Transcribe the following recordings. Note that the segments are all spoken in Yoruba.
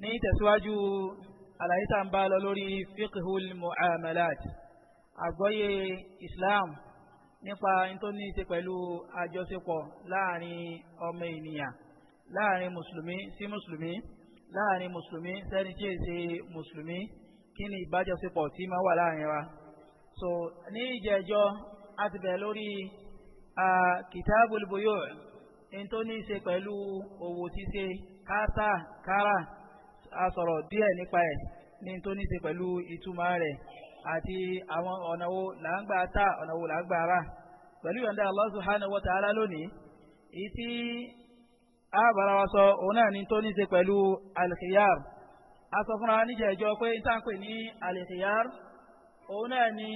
ní tẹ̀síwájú àlàyé tá ń bá lọ lórí fiqhul mu'amalat àgbọ́yé islam nípa tó ní í ṣe pẹ̀lú àjọṣepọ̀ láàrin ọmọ ènìyàn láàrin mùsùlùmí sí mùsùlùmí láàrin mùsùlùmí sẹ́ni tí èsì mùsùlùmí kí ni ìbájọṣepọ̀ tí máa wà láàrin wa. so ní ìjẹ́jọ́ a ti bẹ̀ lórí kitabul buyu' tó ní í ṣe pẹ̀lú òwò ṣíṣe kátà kárà a sọ̀rọ̀ díẹ̀ nípa ẹ̀ ní tó ní ṣe pẹ̀lú ìtumọ̀ rẹ̀ àti àwọn ọ̀nà wo là ń gbà tà ọ̀nà wo là ń gbà rà pẹ̀lú ìyọ̀ǹda Allah subhanahu wa ta'ala lónìí èyí tí a bára wa sọ òun náà ní tó ní ṣe pẹ̀lú al-khiyar a sọ fúnra níjà ìjọ pé n táǹpè ní al-khiyar òun náà ní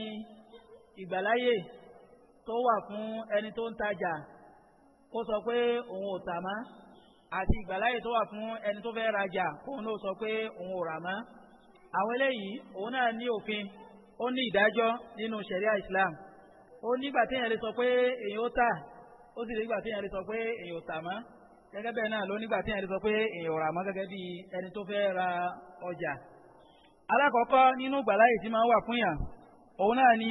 ìgbàláyè tó wà fún ẹni tó ń tajà kó sọ pé òun ò tà máa àti ìgbàláyè tó wà fún ẹni tó fẹ́ rajà kóun ló sọ pé òun ò rà mọ́ àwọn eléyìí òun náà ní òfin ó ní ìdájọ́ nínú sẹ̀ríà islam ó nígbà téèyàn lè sọ pé èèyàn ó tà ó sì nígbà téèyàn lè sọ pé èèyàn ò tà mọ́ gẹ́gẹ́ bẹ́ẹ̀ náà ló nígbà téèyàn lè sọ pé èèyàn ò rà mọ́ gẹ́gẹ́ bí ẹni tó fẹ́ ra ọjà alákọ̀ọ́kọ́ nínú ìgbàláyè tí máa ń wà fún yàn òun náà ni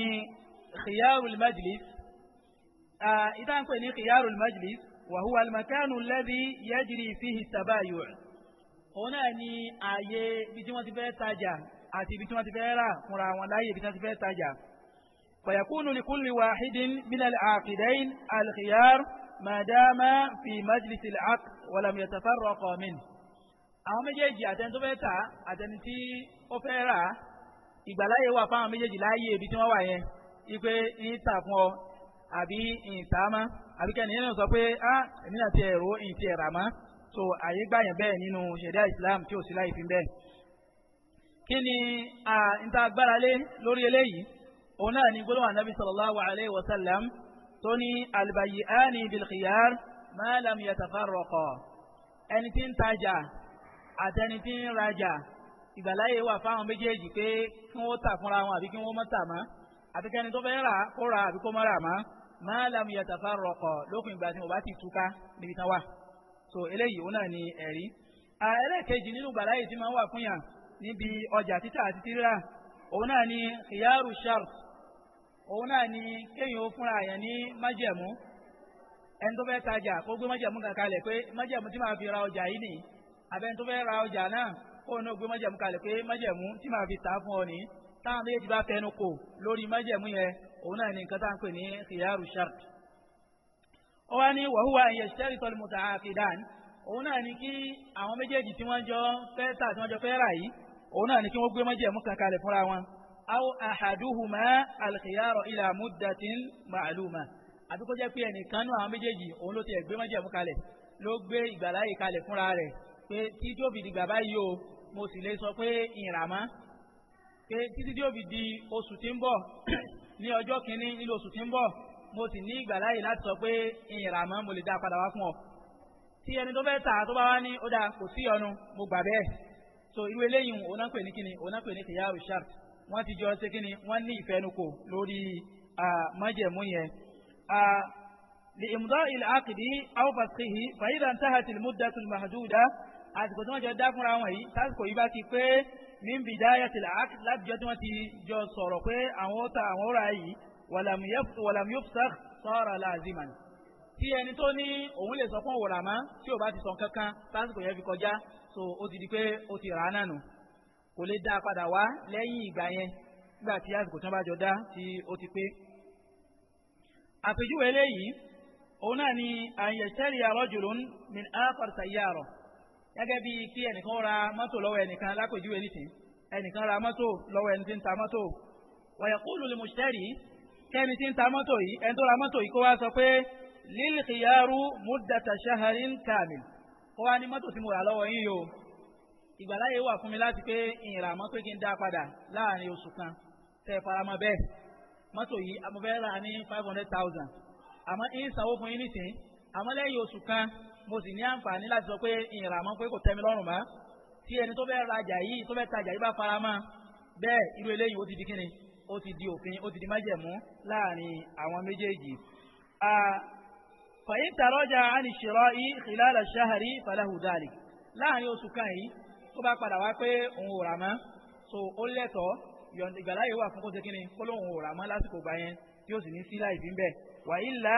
khiyarul majlis ìtànpẹ̀ ní khiyarul majlis وهو المكان الذي يجري فيه التبايع هنا ني آية بتما تفعل تاجا أتي بتما تفعل مرا ولاي بتما تفعل تاجا فيكون لكل واحد من العاقدين الخيار ما دام في مجلس العقد ولم يتفرق منه àwọn méjèèjì àtẹni tó fẹ́ tà àtẹni tí ó fẹ́ rà ìgbàláyè wà fáwọn méjèèjì láàyè ibi tí wọ́n àbíkẹ́ nìyẹn náà sọ pé á ah, èmi náà ti ẹ̀rọ ìyìn ti ẹ̀rà mọ́ so àyè gbà yẹn bẹ́ẹ̀ nínú ṣẹ̀dá Islam tí ò sí láì fi bẹ́ẹ̀. kí ni níta agbára lé lórí eléyìí òun náà ni gbólóhùn anabi sallallahu alayhi wa sallam tó ní albayyi'ani bilkhiyar ma lam yatafarraqa ẹni tí ń tajà àtẹni tí ń rajà ìgbàláyè wà fáwọn méjèèjì pé kí wọ́n tà fúnra wọn àbí kí wọ́n mọ̀ tà mọ́ àbíkẹ́ni tó fẹ́ rà kó rà àbí kó má rà mọ́. máa lam yatafarraqa lókun ìgbà tí wọ́n bá ti túká níbi tán wà so eléyìí òun náà ni ẹ̀rí. ẹlẹ́ẹ̀kejì nínú gbàláyè tí máa ń wà fún yàn níbi ọjà títà àti tírà òun náà ni khiyaru shart òun náà ni kéèyàn fúnra yẹn ní májẹ̀mú ẹni tó fẹ́ tajà kó gbé májẹ̀mú kan kalẹ̀ pé májẹ̀mú tí màá fi ra ọjà yìí nìyí àbẹ́ni tó fẹ́ ra ọjà náà kó o náà gbé májẹ̀mú pé májẹ̀mú tí fi tà fún ọ táwọn òun náà ní nǹkan tá à ń pè ní khiyaru shart ó wá ní wa huwa an yashtarita al-muta'aqidan òun náà ní kí àwọn méjèèjì tí wọ́n jọ fẹ́ tà tí wọ́n jọ fẹ́ rà yìí òun náà ní kí wọ́n gbé májẹ̀mú kan kalẹ̀ fúnra wọn aw ahaduhuma al-khiyaru ila muddatin ma'luma àbí kó jẹ́ pé ẹnìkan nú àwọn méjèèjì òun ló ti ẹ̀ gbé májẹ̀mú kalẹ̀ ló gbé ìgbàláyè kalẹ̀ fúnra rẹ̀ pé tí tó fi dìgbà báyìí o mo sì lè sọ pé ìràmá pé títí tí di oṣù tí ń bọ̀ ní ọjọ́ kìíní nínú oṣù tí ń bọ̀ mo sì ní ìgbàláyè láti sọ pé ìyìnrà mọ́ mo lè dá padà wá fún ọ tí ẹni tó fẹ́ tà tó bá wá ní ó dáa kò sí ọnu mo gbà bẹ́ẹ̀ so irú eléyìí òun náà pè ní kíni òun náà pè ní kìyàrú sharp wọ́n ti jọ ṣe kíni wọ́n ní ìfẹnukò lórí májẹ̀mú yẹn لإمضاء العقد أو فسخه فإذا انتهت المدة المحدودة àsìkò tí wọ́n jọ dá fúnra wọn yìí tásìkò yìí bá ti pé min bidayatil aqd láti jọ́ tí wọ́n ti jọ sọ̀rọ̀ pé àwọn ó ta àwọn ó ra yìí wàlàmù yóò fẹ́ sọ́ra láàzìmàn tí ẹni tó ní òun lè sọ fún òwò làmá tí ò bá ti sọ kankan lásìkò yẹn fi kọjá so ó ti di pé ó ti rà á nànú kò lè dá a padà wá lẹ́yìn ìgbà yẹn nígbà tí àsìkò tí wọ́n bá jọ dá tí ó ti pé. àpèjúwe eléyìí òun náà ni àyẹ̀sẹ̀rì àrọ́jùlún min áfàr sayyara gẹ́gẹ́ bíi kí ẹnìkan ra mọ́tò lọ́wọ́ ẹnìkan lápèjúwe nìsín ẹnìkan ra mọ́tò lọ́wọ́ ẹni tí ń ta mọ́tò wa yaqulu lil mushtari kẹ́ni tí ń ta mọ́tò yìí ẹni tó ra mọ́tò yìí kó wá sọ pé lil khiyaru muddata shahrin kamil kó wá ní mọ́tò tí mo rà lọ́wọ́ yín yìí o ìgbàláyè wà fún mi láti pé ìrà mọ́ pé kí n dá padà láàrin oṣù kan tẹ faramọ́ bẹ́ẹ̀ mọ́tò yìí amọ̀fẹ́ rà ní five hundred thousand àmọ́ ìsanwó fún yín nísìnyí àmọ́ lẹ́yìn oṣù kan mo sì ní àǹfààní láti sọ pé ìràmọ́ pé kò tẹ́mi lọ́rùn mọ́ tí ẹni tó fẹ́ rajà yìí tó fẹ́ tajà yìí bá fara mọ́ bẹ́ẹ̀ irú eléyìí ó ti di kíni ó ti di òfin ó ti di májẹ̀mú láàrin àwọn méjèèjì. fàyín tàrọ́jà ànìṣirọ́ yìí ìlànà ṣáhàrí fàlàhùdàlì láàrin oṣù kan yìí tó bá padà wá pé òun ò rà mọ́ so ó lẹ́tọ̀ọ́ ìgbàláyè wà fún kó ṣe kíni kó lóun ò rà mọ́ lásìkò gbà yẹn tí ó sì ní sí láì fi ń bẹ̀ wà ilà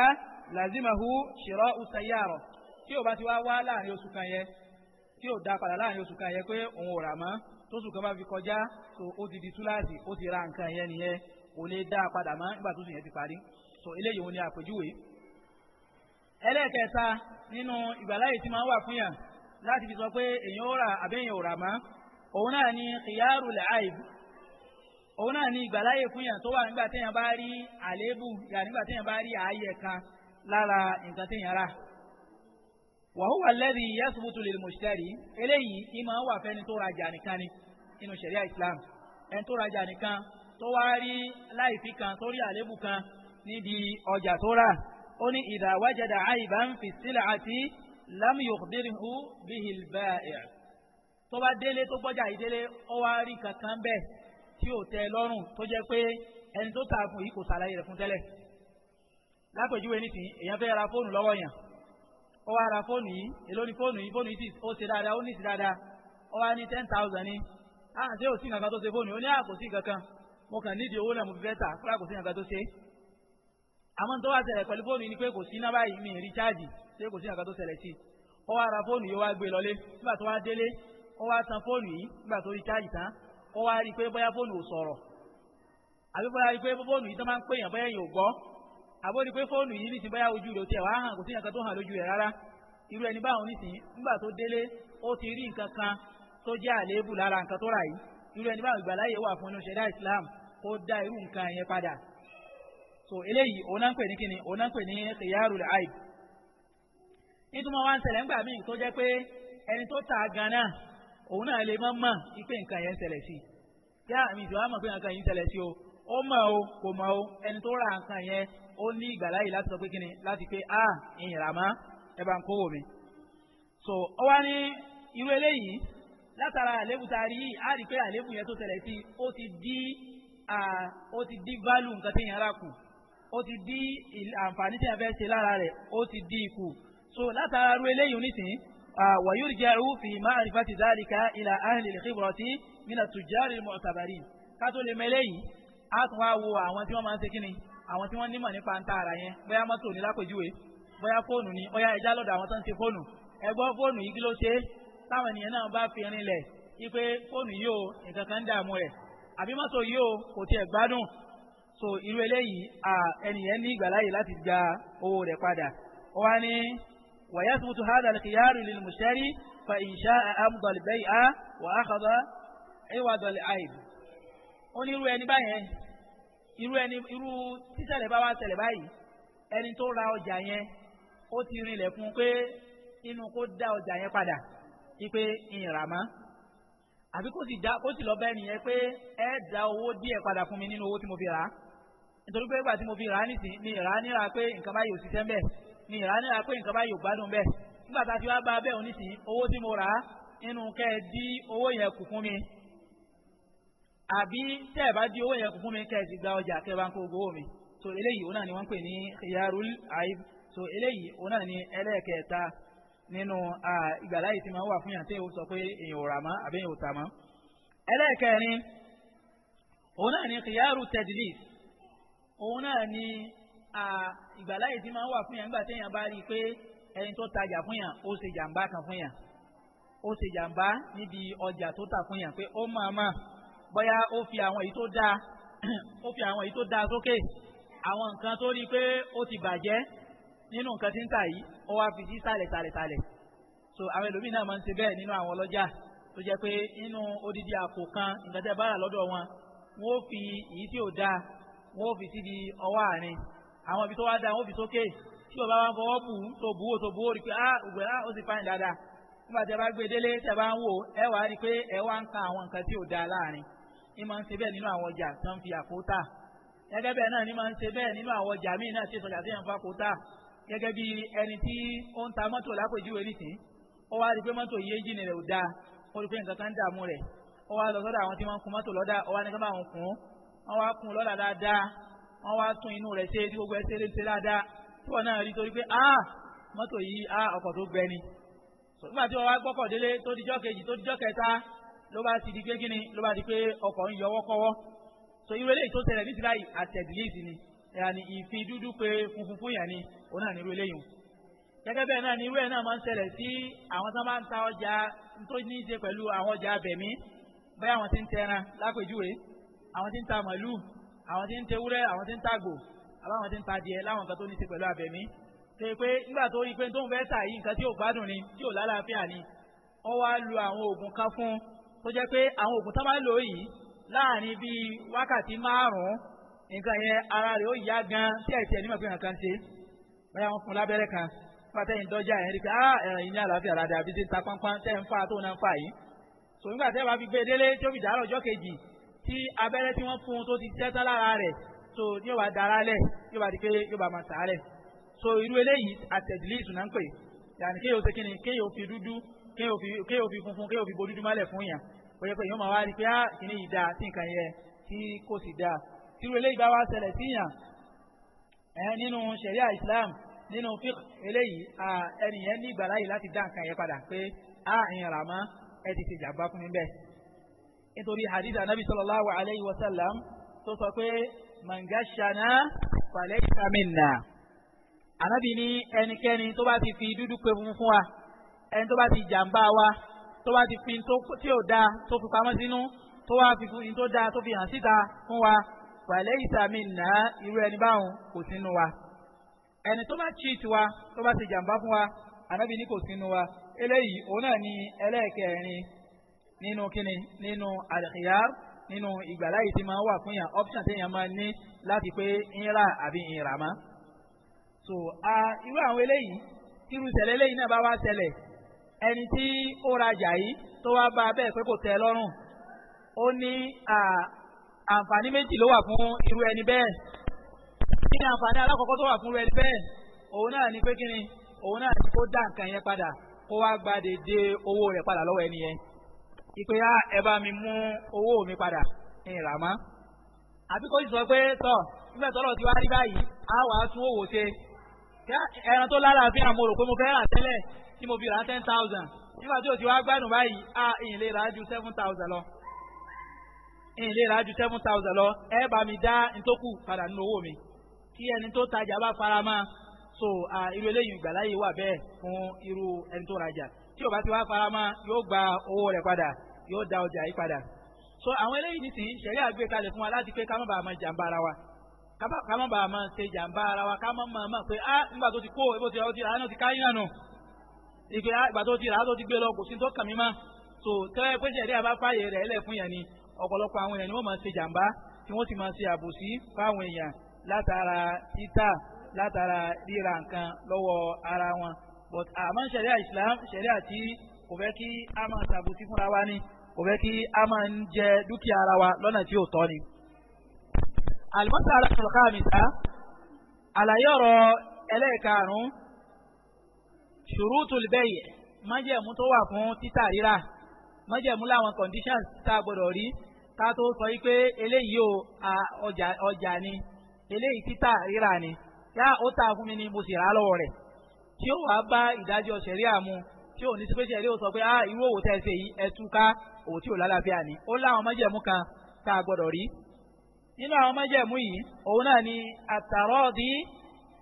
làzímahu ṣirọ́ usayarọ̀ tí ò bá ti wá wá láàrin oṣù kan yẹn tí ò dá padà láàrin oṣù kan yẹn pé òun ò rà mọ́ tóṣù kan bá fi kọjá tó ó ti di túláàsì ó ti ra nǹkan yẹn nìyẹn kò lè dá padà mọ́ nígbà tóṣù yẹn ti parí so eléyìí òun ni àpèjúwe. ẹlẹ́ẹ̀kẹta nínú ìgbàláyè tí máa ń wà fún yàn láti fi sọ pé èèyàn ò rà àbí èèyàn ò rà mọ́ òun náà ni kìyàrú làáib òun náà ni ìgbàláyè fún yàn tó wà nígbà téèyàn bá rí àléébù yà nígbà téèyàn bá rí ààyè kan lára nǹkan téèyàn rà wàhùwà lẹ́bi yẹ́sùbùtù lè mọ̀ṣẹ́rì eléyìí ìmọ̀ wà fẹ́ni tó rajà nìkan ni inú ṣẹ̀ríà islam ẹni tó rajà nìkan tó wá rí láìfi kan tó rí àlébù kan níbi ọjà tó rà ó ní idha wajada aiban fi sil'ati lam yukhbirhu bihi al-ba'i' tó bá délé tó gbọ́jà ìdélé ó wá rí kankan bẹ́ẹ̀ tí ò tẹ́ lọ́rùn tó jẹ́ pé ẹni tó tà fún yìí kò ṣàlàyé rẹ̀ fún tẹ́lẹ̀ lápèjúwe nísìnyí èèyàn fẹ́ ra fóònù lọ́wọ́ yàn ó wá ra fóònù yìí èló ni fóònù yìí fóònù yìí ti ó ṣe dáadáa ó ní ti dáadáa ó wá ní ten thousand ní à ah, ṣé ò sí nǹkan kan tó ṣe fóònù ó ní àkó ah, sí nǹkan kan mo kàn nídìí owó náà mo fi fẹ́ tà fúlà kò sí nǹkan tó ṣe àmọ́ tó wá ṣẹlẹ̀ pẹ̀lú fóònù yìí ni pé kò sí náà báyìí mi rí cháàjì ṣé kò sí nǹkan tó ṣẹlẹ̀ sí ó wá ra fóònù yìí ó wá gbé e lọlé nígbà tó wá délé ó wá tan fóònù yìí nígbà tó rí cháàjì tán ó wá rí i pé bóyá fóònù ò sọ̀rọ̀ àbí bóyá rí i pé fóònù yìí tó máa ń pè yàn bóyá yìí ò gbọ́ àbọ̀ ni pé fóònù yìí nísìnyí báyà ojú rẹ̀ ó tiẹ̀ wá hàn kò sí nǹkan tó hàn lójú rẹ̀ rárá irú ẹni báwọn nísìnyí nígbà tó délé ó ti rí nǹkan kan tó jẹ́ àléébù lára nǹkan tó rà yìí irú ẹni báwọn ìgbàláyè wà fún Islam kó dá irú nǹkan yẹn padà so eléyìí òun náà ń pè ní kíni òun náà ń pè ní nítumọ̀ ń ńgbà míì tó jẹ́ pé ẹni tó ta ipe nǹkan yẹn sí i yá àmì ìṣòwò àmọ̀ pé nǹkan yìí sí o ó mọ̀ o kò mọ̀ o ẹni tó ra nǹkan yẹn ó ní ìgbàláyè láti sọ pé kíni láti pé a ah, ìyìnràmá ẹ bá ń kówó mi so ó wá ní irú eléyìí látara àléébù tá a rí yìí a rí pé àléébù yẹn tó tẹ̀lé sí ó ti di ó ti di value nǹkan tí yẹn rà kù ó ti di àǹfààní tí yẹn fẹ́ ṣe lára rẹ̀ ó ti di ikú so látara irú eléyìí nísìnyí wàyúrìjẹ́rù fi ma'rifati dhalika ila ahli al-khibrati mina tujari al-mu'tabarin ká tó lè mẹ́lẹ́yìn a tún wá wo àwọn tí wọ́n máa ń ṣe kíni àwọn tí wọ́n nímọ̀ nípa ń ta ara yẹn bóyá mọ́tò ní lápèjúwe bóyá fóònù ni ọ̀yá ẹja lọ́dọ̀ àwọn tó ń ṣe fóònù ẹ gbọ́ fóònù yìí kí ló ṣe táwọn ènìyàn náà bá fi rinlẹ̀ wípé fóònù yìí o nǹkan kan ń dààmú rẹ̀ àbí mọ́tò yìí o kò tiẹ̀ gbádùn so irú eléyìí ẹnìyẹn ní ìgbàláyè láti gba owó rẹ̀ padà ó ní wàyà tuntun hada alkiyaru lil mushtari fa insha amdal bai'a wa akhadha iwadal aib ó ní irú ẹni báyẹn irú ẹni irú tíṣẹ̀lẹ̀ bá wá ṣẹlẹ̀ báyìí ẹni tó ra ọjà yẹn ó ti rinlẹ̀ fún pé inú kó dá ọjà yẹn padà ipe ìrànmọ́ àbí kó sì dá kó sì lọ bẹ́ẹ̀ nìyẹn pé ẹ dá owó díẹ̀ padà fún mi nínú owó tí mo fi rà á nítorí pé ìgbà tí mo fi rà á nìsín mi rà á níra pé nǹkan báyìí ò ṣiṣẹ́ mbẹ́ mi rà á níra pé nǹkan báyìí ò gbádùn mbẹ́ nígbà tá a ti wá bá a bẹ́ẹ̀ onísìn owó tí mo rà á nínú kẹ́ ẹ dí owó yẹn kù fún mi àbí tẹ́ ẹ̀ bá di owó yẹn kún fún mi kẹ́ ẹ̀ ti gba ọjà kẹ́ ẹ̀ bá ń kó mi so eléyìí òun náà ni wọ́n ń pè so eléyìí òun náà ni ẹlẹ́ẹ̀kẹta nínú ìgbàlá yìí ti wà fún yàn èèyàn sọ pé èèyàn ò rà mọ́ àbí èèyàn ò tà mọ́ ẹlẹ́ẹ̀kẹrin òun náà ni khiyaru tadlis òun náà ni wà fún yàn nígbà tí bá rí i pé ẹni fún yàn ó ṣe kan fún yàn ó ṣe ọjà tó fún yàn pé ó máa máa bóyá ó fi àwọn èyí tó dáa ó fi àwọn èyí tó dáa sókè àwọn nǹkan tó rí i pé ó ti bàjẹ́ nínú nǹkan tí ń tà yìí ó wá fi sí sàlẹ̀ sàlẹ̀ sàlẹ̀ so àwọn ẹlòmíín náà máa ń ṣe bẹ́ẹ̀ nínú àwọn ọlọ́jà tó jẹ́ pé nínú odidi àpò kan nǹkan tẹ́ bá rà lọ́dọ̀ wọn wọ́n ó fi èyí tí ò dáa wọ́n ó fi sí di ọwọ́ àárín àwọn ibi tó wá dáa wọ́n fi sókè tí bàbá wa ń fọwọ́ bù ú tó bù ú tó bù ú rí i pé ah ògbẹ́ ah ó sì fáyìn dáadáa nígbà tí a bá gbé e délé tí a bá ń wò ẹ wàá rí i pé ẹ wá ń ka àwọn nǹkan tí ò dáa láàárín Ni máa ń ṣe bẹ́ẹ̀ nínú àwọn ọjà tó ń fi àkótà gẹ́gẹ́ bẹ́ẹ̀ náà ní máa ń ṣe bẹ́ẹ̀ nínú àwọn ọjà míì náà ṣe sọjà tó yàn fa àkótà gẹ́gẹ́ bí ẹni tí ó ń ta mọ́tò lápèjúwe nìsín ó wá rí pé mọ́tò yìí ẹ́ńjìnì rẹ̀ ò dáa ó rí pé nǹkan kan ń dààmú rẹ̀ ó wá lọ sọ́dọ̀ àwọn tí wọ́n kun mọ́tò lọ́dà ó wá ní ká máa ń kun wọ́n wá kun lọ́dà dáadáa ah mọ́tò ah ọkọ̀ tó gbẹ ni nígbà tí wọ́n wá gbọ́kọ̀ délé tó ló bá ti di pé kíni ló bá di pé ọkọ̀ ń yọwọ́ kọ́wọ́ so irú eléyìí tó ṣẹlẹ̀ ní ti báyìí àtẹ̀dílẹ́sì ni yàní ìfi dúdú pé funfun fún yàn ni òun náà ní irú eléyìí gẹ́gẹ́ bẹ́ẹ̀ náà ni irú ẹ̀ náà máa ń ṣẹlẹ̀ sí àwọn tó máa ń ta ọjà tó ní í ṣe pẹ̀lú àwọn ọjà abẹ̀mí bẹ́ẹ̀ àwọn tí ń tẹran lápèjúwe àwọn tí ń ta màlúù àwọn tí ń tewúrẹ́ àwọn tí ń tàgbò àbáwọn tí ń ta ni tí ò lálàáfíà ni tó jẹ́ pé àwọn oògùn tó bá lò yìí láàrin bíi wákàtí márùn-ún nǹkan yẹn ara rẹ̀ ó yá gan tí àìsí ẹ̀ nímọ̀ pé nǹkan ṣe bóyá wọ́n fún lábẹ́rẹ́ kan pátẹ́yìn dọ́jà ẹ̀ rí pé ah ẹ̀yìn ní àlàáfíà rádà àbí ti ta pánpán tẹ́ ń fà tó ń fà yìí sò nígbà tẹ́ bá fi gbé e délé tí ó fi dàárọ̀ ọjọ́ kejì tí abẹ́rẹ́ tí wọ́n fún un tó ti tẹ́tán lára rẹ̀ so yóò wá dara lẹ̀ yóò bá di pé yóò bá máa tà á so irú eléyìí àtẹ̀dílé ìsúná ń pè yàní kéèyàn ó ṣe kíni kéèyàn ó fi dúdú kéèyàn fi funfun kéèyàn fi bojú dúmálẹ̀ fún yàn ó yẹ pé èèyàn máa wá rí pé á ah, kìíní yìí dáa tí nǹkan yẹ tí kò sì dáa tírú eléyìí bá wá ṣẹlẹ̀ síyàn nínú ṣẹ̀ríà Islam nínú fiqh eléyìí ẹnìyẹn ní ìgbàláyè láti dá nǹkan yẹn padà pé á ìyàn rà mọ́ ẹ ti ṣe jàmbá fún mi bẹ́ẹ̀ nítorí hadith anabi sallallahu alayhi wa sallam tó sọ pé mangashana falẹ́ ìsàmìnà anabi ní ẹnikẹ́ni tó bá ti fi dúdú pé funfun wa ẹni tó bá ti jàǹbá wa tó bá ti fi tí ò dáa tó fi pamọ́ sínú tó wá fi fi tó dáa tó fi hàn síta fún wa wàlẹ́ ìsàmì nà irú ẹni báwọn kò sínú wa ẹni tó bá cheat wa tó bá ti jàǹbá fún wa ànábì ní kò sínú wa eléyìí òun náà ni ẹlẹ́ẹ̀kẹrin nínú kíni nínú al-khiyar nínú ìgbàláyè tí máa wà fún yàn option téèyàn máa ní láti pé ìnra àbí ìnra mọ́ so irú àwọn eléyìí irú ṣẹlẹ̀ eléyìí náà bá wá ṣẹlẹ̀ ẹni tí ó rajà yìí tó wá bá a bẹ́ẹ̀ pé kò tẹ́ lọ́rùn ó ní àǹfààní méjì ló wà fún irú ẹni bẹ́ẹ̀ kí ni àǹfààní alákọ̀ọ́kọ́ tó wà fún irú ẹni bẹ́ẹ̀ òun náà ni pé kí ni òun náà ni kó dá nǹkan yẹn padà kó wá gba dèdè owó rẹ̀ padà lọ́wọ́ ẹni yẹn ìpè á ẹ bá mi mú owó mi padà ní ìràmá àbí kó sì sọ pé tọ nígbà tọ́lọ̀ ti wá rí báyìí á wàá tún òwò ṣe ẹran tó lálàáfíà mo rò pé mo fẹ́ rà tẹ́lẹ̀ tí mo fi rà ten thousand nígbà tí o ti wá gbádùn báyìí a ìyìn lè rà ju seven thousand lọ ìyìn lè rà ju seven thousand lọ ẹ bá mi dá ntókù padà nínú owó mi kí ẹni tó tajà bá fara mọ́ so irú eléyìí ìgbàláyè wà bẹ́ẹ̀ fún irú ẹni tó rajà tí o bá ti wá fara mọ́ yóò gba owó rẹ̀ padà yóò da ọjà yìí padà so àwọn eléyìí nìsín ṣẹ̀rí àgbékalẹ̀ fún wa láti pé ká má bàa máa jàǹbá ara wa ká má bàa se ṣe jàǹbá ara wa ká má máa máa pé á ah, nígbà tó ti kó ebó ti ọtí rà á náà ti káyín náà nù ìgbé ìgbà ah, tó ti rà á tó ti gbé lọ kò sí tó kàn mí má so tẹ́lẹ̀ pé ṣẹ̀dí àbá fàyè rẹ̀ ẹlẹ̀ fún yẹn ni ọ̀pọ̀lọpọ̀ àwọn èèyàn ni wọ́n máa ṣe jàǹbá tí wọ́n sì máa ṣe àbòsí fáwọn èèyàn látara títà látara ríra nǹkan lọ́wọ́ ara wọn but àmọ́ ṣẹ̀ríà Islam ṣẹ̀ríà tí kò fẹ́ kí a máa ṣàbòsí fúnra wa ni kò fẹ́ kí a máa ń jẹ dúkìá ara wa lọ́nà tí ò tọ́ ni àlùmọ́sára al-khamisa àlàyé ọ̀rọ̀ ẹlẹ́ẹ̀karùn-ún ṣùrùtù lùbẹ́yì májẹ̀mú tó wà fún títà rírà májẹ̀mú láwọn conditions tá a gbọ́dọ̀ rí ká tó sọ yí pé eléyìí o ọjà ọjà ni eléyìí títà rírà ni yá ó tà fún mi ni mo sì rà á lọ́wọ́ rẹ̀ tí ó wàá bá ìdájọ́ ṣẹ̀ríà mu tí ò ní sí pé ṣẹ̀rí sọ pé ah irú òwò tẹ́ yìí ẹ tú ká òwò tí ò lálàáfíà ni ó láwọn májẹ̀mú kan tá a gbọ́dọ̀ rí nínú àwọn májẹ̀mú yìí òun náà ni àtàrọ́ọ̀dì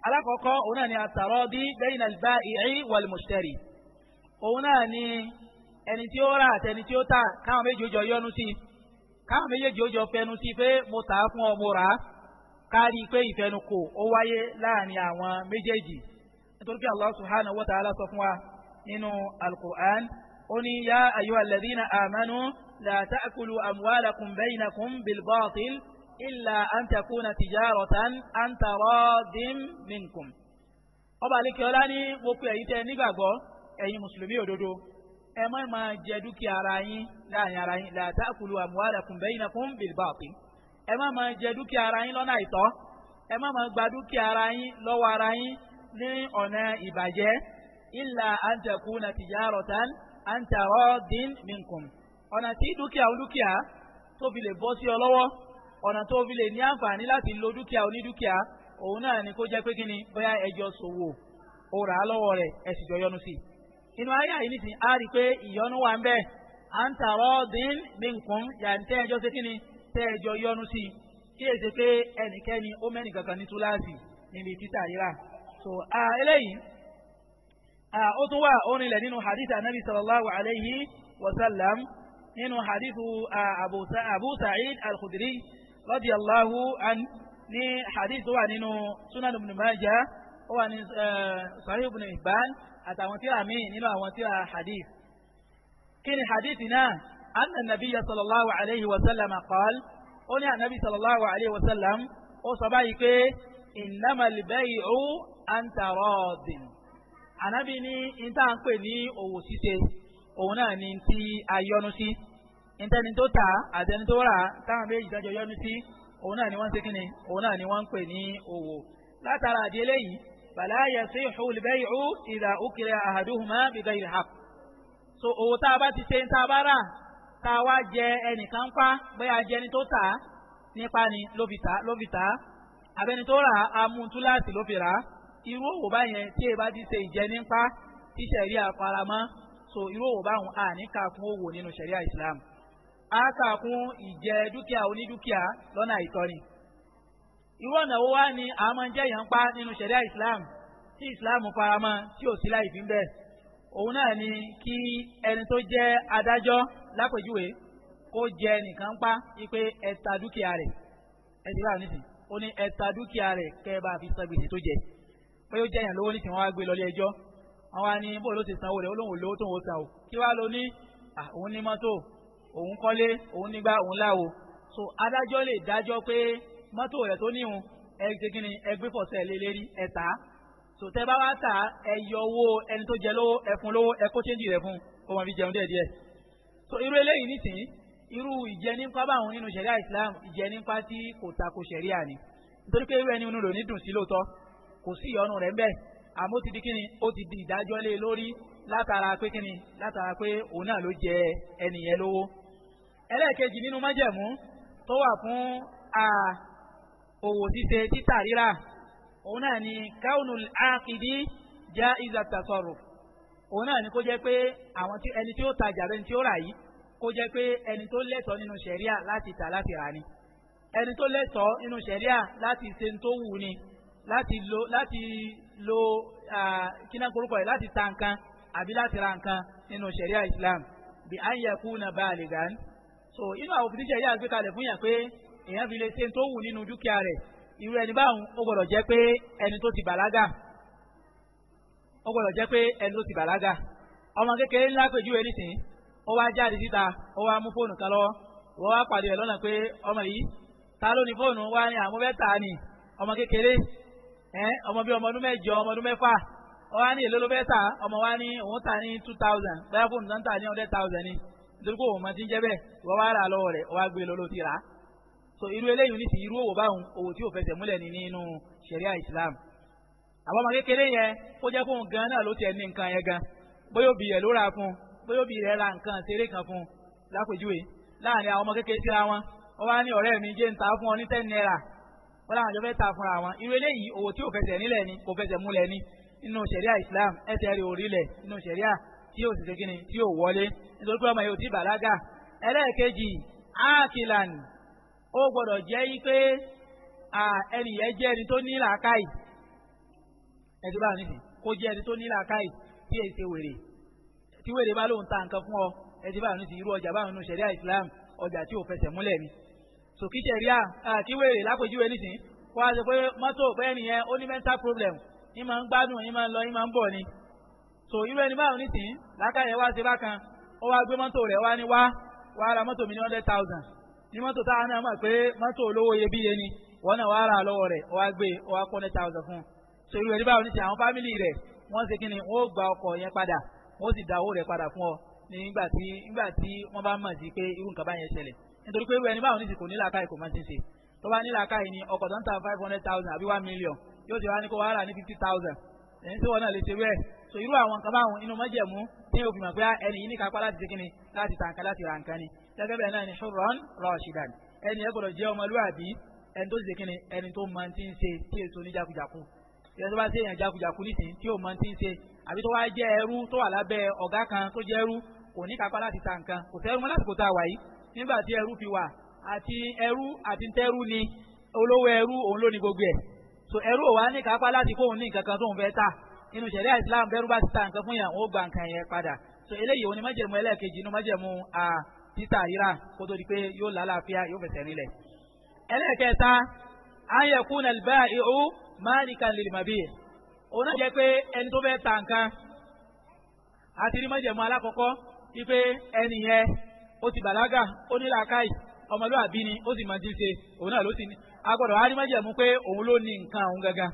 alákọ̀ọ́kọ́ òun náà ni àtàrọ́ọ̀dì bayna al-ba'i wal-mushtari òun náà ni ẹni tí ó rà àtẹni tí ó tà káwọn méjì ó jọ yọnu sí káwọn méjèèjì ó jọ fẹnu sí pé mo tà á fún ọ mo rà á kárí pé ìfẹnukò ó wáyé láàrin àwọn méjèèjì nítorí pé Allah subhanahu wa ta'ala sọ fún wa nínú al ó ní yá ayyuhal ladhina amanu la ta'kulu amwalakum baynakum bil ilà àǹtakùnà tìjàrọ̀tàn àǹtarọ́dìm minkum. ọba àlekèọ́lá ní mo pe ẹ̀yin tẹ́ nígbàgbọ́ ẹ̀yin mùsùlùmí òdodo ẹ má máa jẹ dúkìá ara yín láàyè ara yín la ta'kulu amwalakum bainakum bil batil ẹ má máa jẹ dúkìá ara yín lọ́nà àìtọ́ ẹ má máa gba dúkìá ara yín lọ́wọ́ ara yín ní ọ̀nà ìbàjẹ́ ilà àǹtakùnà tìjàrọ̀tàn àǹtarọ́dìm minkum ọ̀nà tí dúkìá dúkìá tó lè bọ́ sí ọ lọ́wọ́ ọ̀nà tó fi lè ní àǹfààní láti lo dúkìá onídúkìá òun náà ni kó jẹ́ pé kíni bóyá ẹjọ́ ṣòwò ó rà á lọ́wọ́ rẹ̀ ẹ sì jọ yọnu sí i. inú ayé àyè nìsín á rí i pé ìyọnu wà ń bẹ à ń tààrọ́ dín minkum yàtẹ́ ẹjọ́ ṣe kíni tẹ́ ẹjọ́ yọnu sí i kí èyí ṣe pé ẹnikẹ́ni ó mẹ́rin kankan ní túláàsì níbi títà rírà. so eléyìí ó tún wà ó rinlẹ̀ nínú hadith anabi sallallahu alayhi wa sallam nínú hadith abu sa'id al-khudri radiyallahu an ní hadith tó wà nínú sunan ibn majah ó wà ní sahih ibn hibban àtàwọn tíra míì nínú àwọn tíra hadith kí ni hadith náà anna nabiyya sallallahu alayhi wa sallam qaal ó ní anabi sallallahu alayhi wa sallam ó sọ báyìí pé innamal bay'u an taradin anabi ní ìta ń pè ní òwò ṣíṣe òun náà ní ti ayọ́nu sí. Si ntẹni tó ta àtẹni tó rà táwọn méjì tọjọ yọnu sí òun náà ni wọ́n ń kíni òun náà ni wọ́n ń pè ní òwò látara àdé eléyìí fala yasihu al-bay'u idha ukriha ahaduhuma bighayri haqq so òwò tá a bá ti ṣe ń tá a tá a wá jẹ ẹnìkan pa bóyá jẹni tó tà nípa ni ló fi tà ló fi tà á abẹni tó rà á amúntúláàsì ló fi rà á irú òwò báyẹn tí èèbá ti ṣe ìjẹnipa tí ṣẹ̀ríà faramọ́ so irú òwò báwọn à ní kà fún òwò nínú ṣẹ̀ríà Islam á kàkún ìjẹ dúkìá onídúkìá lọ́nà àìtọ́ni. irú ọ̀nà wo wá ni a máa ń jẹ́ yàn pa nínú ṣẹ̀ríà islam tí islam faramọ́ tí ò sí láì fi ń bẹ̀. òun náà ni kí ẹni tó jẹ́ adájọ́ lápèjúwe kó jẹ nìkan pa wípé ẹ ta dúkìá rẹ̀ ẹ ti bá a nísìn ó ní ẹ ta dúkìá rẹ̀ kẹ́ ẹ bá gbèsè tó jẹ pé ó jẹ́ yàn lówó nísìn wọn wá gbé lọ ilé wọn wá ní bó ti sanwó rẹ̀ ó lówó tó ń wò sa kí wàá lo ní òun ní òun kọ́lé òun nígbà òun láwo so adájọ́ lè dájọ́ pé mọ́tò rẹ̀ tó níhun ẹ ṣe kí ni ẹ gbé fọ̀sẹ̀ lé lérí ẹ tà á so tẹ́ bá wá tà á ẹ yọ owó ẹni tó jẹ lówó ẹ fún lówó ẹ kó chéńjì rẹ̀ fún kó wọn fi jẹun díẹ̀díẹ̀ so irú eléyìí nìsín irú ìjẹnipa báwọn nínú sẹ̀ríà Islam ìjẹnipa tí kò tako sẹ̀ríà ni nítorí pé irú ẹni inú rò ní dùn sí lóòótọ́ kò sí ìyọnu rẹ̀ ńbẹ̀ àmọ́ ó ti di kíni ó ti di ìdájọ́ lé lórí látara pé kíni látara pé òun náà ló jẹ ẹnìyẹn lówó ẹlẹ́ẹ̀kejì nínú májẹ̀mú tó wà fún òwò ṣíṣe títà rírà òun náà ni káwọnù ákìdí já ìzà tasọrù òun náà ni kó jẹ́ pé àwọn tí ẹni tí ó tajà lẹni tí ó rà yìí kó jẹ́ pé ẹni tó lẹ́tọ̀ọ́ nínú sẹ̀ríà láti tà láti rà ni ẹni tó lẹ́tọ̀ọ́ nínú sẹ̀ríà láti ṣe tó wù ni láti lo láti lo kíná korúkọ yìí láti ta nǹkan àbí láti ra nǹkan nínú sẹ̀ríà Islam bí ayẹkú na bá àlè gani so inú àwọn òfin tíṣẹ̀ a gbé kalẹ̀ fún yàn pé èèyàn fi lè ṣe tó wù nínú dúkìá rẹ̀ irú ẹni báwọn ó pé ẹni tó ti bàlágà ó pé ẹni tó ọmọ kékeré ńlá pèjú ẹni sìn ó wá jáde síta ó wá mú fóònù kan wá pàdé lọ́nà pé ọmọ yìí ta ló ní ọmọ kékeré ọmọ bíi ọmọ ọmọ mẹ́fà wá ní ọmọ wá ní òun ta ní two thousand fóònù ń nítorí pé òun máa ti ń jẹ́ bẹ́ẹ̀ wá rà lọ́wọ́ rẹ̀ wọ́n gbé e lọ́lọ́ ti so irú eléyìí ní ti irú òwò báwọn òwò tí ò fẹsẹ̀ múlẹ̀ ní nínú ṣẹ̀ríà Islam àwọn ọmọ kékeré yẹn ó jẹ́ fóun gan náà ló tiẹ̀ ní nǹkan yẹn gan bóyá òbí yẹn ló ra fún bóyá òbí rẹ̀ ra nǹkan ṣeré kan fún lápèjúwe láàrin àwọn ọmọ kékeré síra wọn wọ́n wá ní ọ̀rẹ́ mi jẹ́ ń ta fún ọ ní ten naira wọ́n láwọn àjọ fẹ́ ta fúnra wọn irú eléyìí òwò tí ò fẹsẹ̀ nílẹ̀ ni kò fẹsẹ̀ múlẹ̀ ni nínú ṣẹ̀ríà Islam ẹsẹ̀ rẹ̀ ò rílẹ̀ nínú ṣẹ̀ríà tí yóò sì ṣe kíni tí yóò wọlé nítorí pé ọmọ yóò ti bàlágà ẹlẹ́ẹ̀kejì áàkìlàn ó gbọ́dọ̀ jẹ́ yí pé ẹnì yẹn jẹ́ ẹni tó ní làákàyè ẹ̀dùn bá nìsín kó jẹ́ ẹni tó ní làákàyè tí èyí ṣe wèrè tí wèrè bá lóun ta nǹkan fún ọ ẹ̀dùn bá nìsín irú ọjà báwọn nù sẹ̀ríà Islam ọjà tí ò fẹsẹ̀ múlẹ̀ ni sòkí sẹ̀ríà kí wèrè lápèjúwe nìsín kó a sọ pé mọ́tò bẹ́ẹ̀ nìyẹn ó ní mental problem ní máa ń gbádùn ní ń lọ ní ń bọ̀ ni so irú ẹni báwọn nísìnyí lákàyẹ wá ṣe bákan ó wá gbé mọ́tò rẹ̀ wá ní wá wá ra mọ́tò mi ní hundred thousand ní mọ́tò táwọn náà mọ̀ pé mọ́tò olówó iyebíye ni wọn náà wá ra lọ́wọ́ rẹ̀ ó wá gbé ó wá kó hundred thousand fún un so irú ẹni báwọn nísìnyí àwọn fámìlì rẹ̀ wọ́n ṣe kí ni wọ́n ó gba ọkọ̀ yẹn padà wọ́n sì dá owó rẹ̀ padà fún ọ nígbà tí nígbà tí wọ́n bá mọ̀ sí pé irú nǹkan báyẹn ṣẹlẹ̀ nítorí pé irú ẹni báwọn nísìnyí kò ní làákàyè kò máa ṣe ṣe tó bá ní làákàyè ni ọkọ̀ tó ń ta five hundred thousand àbí one million yóò ti wá ní kó wá rà ní fifty thousand ẹni tí wọn náà lè ṣe wẹ́ẹ̀ so irú àwọn nǹkan báwọn inú mọ́jẹ̀mú ní òfin mọ̀ pé ah, ẹni yìí ní kápá láti ṣe láti ta láti ra nǹkan ni gẹ́gẹ́ bẹ́ẹ̀ náà ni ṣùrọ̀n rọ̀ṣìdàn ẹni ẹ gbọ́dọ̀ jẹ́ ọmọlúwàbí ẹni tó ṣe kíni ẹni tó máa ti ń ṣe tí èso ní jákujàku ìyẹn tó bá ṣe èèyàn jákujàku nísìnyí tí ò máa ti ń ṣe àbí tó wá jẹ́ ẹrú tó wà lábẹ́ ọ̀gá kan tó jẹ́ ẹrú kò ní kápá láti ta kò sẹ́rú mọ́ lásìkò ni olówó ẹrú òun ló ní so ẹrú ò wá ní kápá láti kóhun ní nǹkan kan tóun fẹ́ ta inú sẹ̀ríà islam bẹ́rù bá ti ta nǹkan fún yàn ó gba nǹkan yẹn padà so eléyìí òun májẹ̀mú ẹlẹ́ẹ̀kejì inú májẹ̀mú a títà rírà kó tó di pé yóò lálàáfíà yóò fẹsẹ̀ nílẹ̀ ẹlẹ́ẹ̀kẹta ayẹ̀kún nàlbáà ìhù máàlìkan lè mà bíi òun náà jẹ́ pé ẹni tó fẹ́ ta nǹkan àti rí májẹ̀mú alákọ̀ọ́kọ́ wípé ẹni ó ti bàlágà ó ní làákàyè ọmọlúwàbí ni ó sì máa ti ṣe òun náà ló ti a gbọ́dọ̀ wá rí májẹ̀mú pé òun ló ní nǹkan òun gangan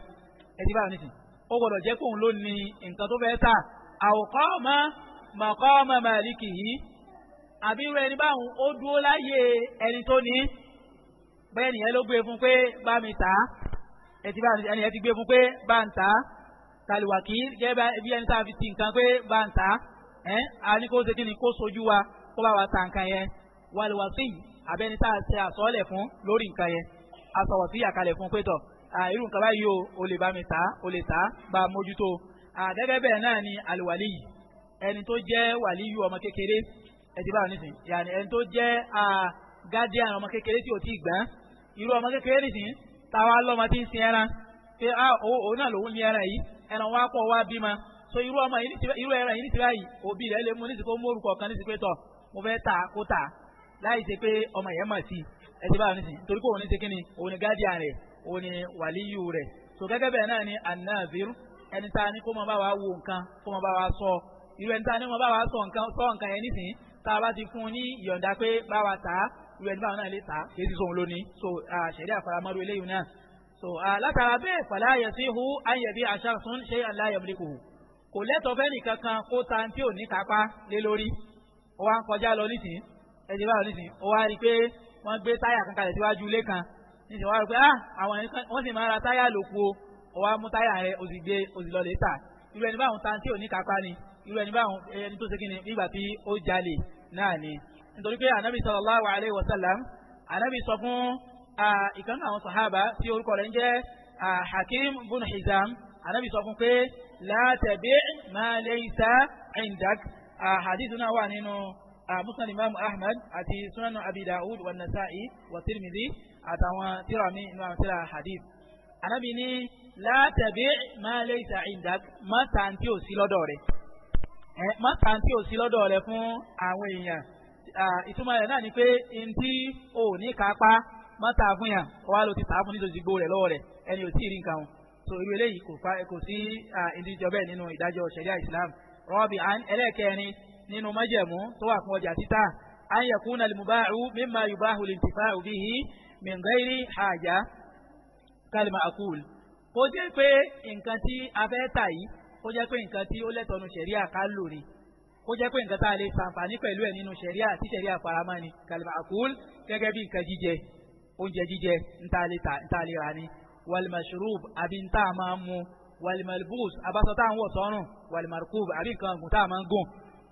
ẹ ti báyọ̀ nísìn ó gbọ́dọ̀ jẹ́ pé òun ló ní nǹkan tó fẹ́ tà àwòkọ́ ọmọ mọ̀kọ́ ọmọ màlìkì yìí àbí irú ẹni báwọn ó dúró láyé ẹni tó ní bẹ́ẹ̀ nìyẹn ló gbé e fún pé bá mi tà á ẹ ti báyọ̀ ti gbé e fún pé bá ń tà á tàlùwàkì gẹ́gẹ́ bí ẹni tá a fi ti nǹkan pé bá ń tà á ẹ́ a ní kó ṣe kí ni kó sojú wa kó bá wa ta nǹkan yẹn wàlúwàsí àbẹ́ni tá a ṣe àsọ́ọ́lẹ̀ fún lórí nǹkan yẹn asọ̀wọ̀ sí àkàlẹ̀ fún pétọ̀ irú nǹkan báyìí o ò lè bá mi ta ò lè ta bá a mójútó gẹ́gẹ́ bẹ́ẹ̀ náà ni àlùwàlì yìí ẹni tó jẹ́ wàlíyù ọmọ kékeré ẹtì báwọn nísìn yàní ẹni tó jẹ́ guardian ọmọ kékeré tí ò tí ì gbà irú ọmọ kékeré nísìn táwa lọ́mọ tí ń sin ẹran pé òun náà lòun ní ẹran yìí ẹran wa pọ̀ wá bímọ so irú ọmọ yìí irú ẹran yìí nísìn báyìí òbí rẹ̀ lè mú nísìn kó mú orúkọ kan nísìn pé tọ̀ mo fẹ́ ta kó ta láì ṣe pé ọmọ yẹn mọ̀ sí i ẹ ti bá wọn nísìnyí torí pé òun ní ṣe kíni òun ní guardian rẹ̀ òun ní wàlíyù rẹ̀ so gẹ́gẹ́ bẹ́ẹ̀ náà ni anazir ẹni tá a ní kó máa bá wa wo nǹkan kó máa bá wa sọ irú ẹni tá a ní máa bá wa sọ nǹkan sọ nǹkan yẹn nísìnyí tá a bá ti fún un ní ìyọ̀ǹda pé bá wa tà á irú ẹni báwọn náà lè tà á kì í ti sóhun lónìí so àṣẹ̀dí àfaramọ́rú eléyìí náà so látara bẹ́ẹ̀ fàlà yẹsíhu ayẹ̀bí aṣáṣun ṣe aláyọ̀mílíkù kò lẹ́tọ̀ọ́ fẹ́ nìkan kan kó ta tí ò ní wọ́n gbé táyà kan kalẹ̀ síwájú ilé kan níṣẹ́ wọ́n rò pé ah, àwọn ẹni wọ́n sì máa ra táyà lòkù o ọwọ́ táyà rẹ o gbé o lọ lè tà irú ẹni báwọn tan tí ò ní kápá ni irú ẹni báwọn ẹni tó ṣe kí ni nígbà tí ó jalè náà ni nítorí pé anabi sallallahu alayhi wa sallam anabi sọ fún ìkan náà àwọn sahaba tí orúkọ rẹ̀ ń jẹ́ hakim bun hizam anabi sọ fún pé la tabi' ma laysa indak hadith náà wà nínú. Ah, musnad imaamu ahmed àti sunanu abi daud wa nasa'i wa tirmidhi àtàwọn tíra mi inú àwọn tíra hadith anabi ni látàbí máa laysa indak má tàǹtí ò sí lọ́dọ̀ rẹ̀ má tàǹtí ò sí lọ́dọ̀ rẹ̀ fún àwọn èèyàn ìtumọ̀ rẹ̀ náà ni pé ntí ò ní kápá má tà fún yàn wà ló ti tà fún nítorí gbó rẹ̀ lọ́wọ́ rẹ̀ ẹni ò tí ì rí nǹkan wọn so irú eléyìí kò sí ìdíjọ bẹ́ẹ̀ nínú ìdájọ́ ṣẹ̀ríà islam rọ́bì ẹlẹ́ẹ̀kẹrin nínú májẹ̀mú tó wà fún ọjà títà an yakuna al-muba'u mimma yubahu al-intifa'u bihi min ghairi haja kal-ma'kul kó jẹ́ pé nǹkan tí a fẹ́ tà yìí kó jẹ́ pé nǹkan tí ó lẹ́tọ̀ọ́nù ṣẹ̀ríà ká lò ní kó jẹ́ pé nǹkan tá a lè ṣàǹfààní pẹ̀lú ẹ̀ nínú ṣẹ̀ríà tí ṣẹ̀ríà faramọ́ ni kal gẹ́gẹ́ bí nǹkan jíjẹ oúnjẹ jíjẹ ntá lè rà ni wal-mashrub àbí ntá máa mu wal-malbus abasọ tá à ń wọ̀ sọ́rùn wal-markub àbí nǹkan ọ̀gùn máa ń gùn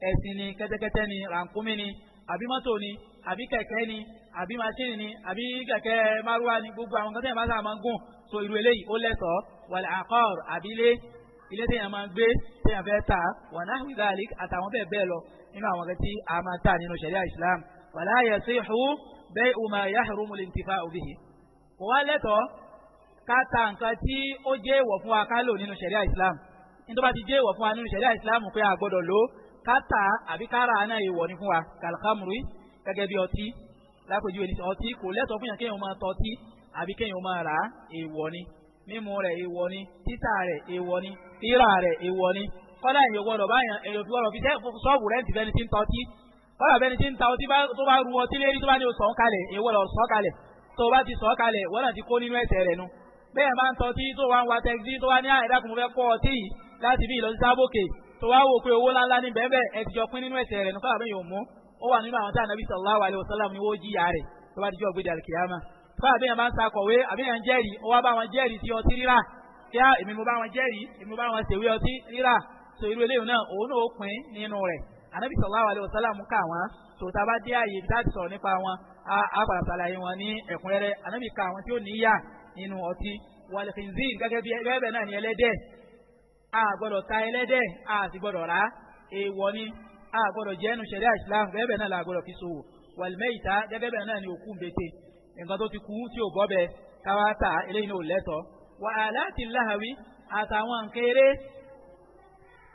ẹ̀sìn ni kẹ́tẹ́kẹ́tẹ́ ni rànkúmí ni àbí mọ́tò ni àbí kẹ̀kẹ́ ni àbí masini ni àbí kẹ̀kẹ́ márúwá ni gbogbo àwọn kẹ́tẹ́ ìbáṣà máa ń gùn so irú eléyìí ó lẹ́tọ̀ọ́ wàlẹ̀ àkọ́r àbí ilé ilé téèyàn máa gbé téèyàn fẹ́ ta wàná ìgbàlík àtàwọn bẹ́ẹ̀ bẹ́ẹ̀ lọ nínú àwọn kẹ́tí a máa ta nínú sẹ̀ríà islam wàlá yasihu bay'u ma yahrumu lintifa'u bihi kò wá lẹ́tọ̀ọ́ ká ta nǹkan tí ó jẹ́ èèwọ̀ fún wa ká lò nínú sẹ̀ríà islam nítorí bá ti jẹ́ èèwọ̀ fún wa nínú sẹ̀ríà islam pé a gbọ́dọ̀ lò ó Kata àbí kára náà èèwọ̀ ni fún wa kàlkámùrú gẹ́gẹ́ bí ọtí lápèjúwe ní ọtí kò lẹ́tọ̀ọ́ fún yàn kéèyàn máa tọ́tí àbí kéèyàn máa rà á èèwọ̀ ni mímu rẹ̀ èèwọ̀ ni títà rẹ̀ èèwọ̀ ni rírà rẹ̀ èèwọ̀ ni kọ́lá èèyàn gbọ́dọ̀ báyàn èèyàn gbọ́dọ̀ fi sọ́ọ̀bù rẹ̀ ti fẹ́ni tí ń tọ́tí kọ́lá fẹ́ni tí ń ta ọtí tó bá ru ọtí lérí tó bá ní sọ̀ọ́ kalẹ̀ èèwọ̀ lọ sọ̀ọ́ kalẹ̀ tó bá ti sọ̀ọ́ kalẹ̀ wọ́n náà ti kó nínú ẹ̀ṣẹ̀ rẹ̀ nu bẹ́ẹ̀ máa ń tọ́tí tó wá ń wa tẹ́gí tó wá ní àìdákùnrin fẹ́ kọ́ ọtí yìí láti bí ìlọsí sábòkè tó wá wò pé owó ńláńlá ní bẹ́ẹ̀ bẹ́ẹ̀ ẹ ti jọ pín nínú ẹ̀ṣẹ̀ rẹ̀ nípa àbẹ́ yòó ó wà nínú àwọn tá ànábì sallallahu alaihi wasallam ni wọ́n jìyà rẹ̀ tó bá dijọ́ gbéjà kìyàmà tó àbẹ́ yẹn máa ń sakọ̀wé àbẹ́ yẹn jẹ́rìí ó wá bá wọn jẹ́rìí sí ọtí rírà kí á èmi mo bá wọn jẹ́rìí èmi mo bá wọn ṣèwé ọtí rírà so irú eléyìí náà òun náà ó pín nínú rẹ̀ ànábì sallallahu alaihi wasallam kà wọ́n tó a bá dé àyè láti sọ̀rọ̀ nípa wọn á padà ṣàlàyé wọn ní ẹ̀kúnrẹ́rẹ́ ànábì a gbọ́dọ̀ ta ẹlẹ́dẹ̀ a sì gbọ́dọ̀ rà á èèwọ̀ ni a gbọ́dọ̀ jẹ́ ẹnu ṣẹ̀ríà islam bẹ́ẹ̀ bẹ́ẹ̀ náà la gbọ́dọ̀ fi ṣòwò wàlmẹ́yìtà gẹ́gẹ́ bẹ́ẹ̀ náà ni òkú ń bete nǹkan tó ti kú tí ò bọ́ bẹ́ẹ̀ káwá ta eléyìí ní òlẹ́tọ̀ wà á láti láhàwí àtàwọn nǹkan eré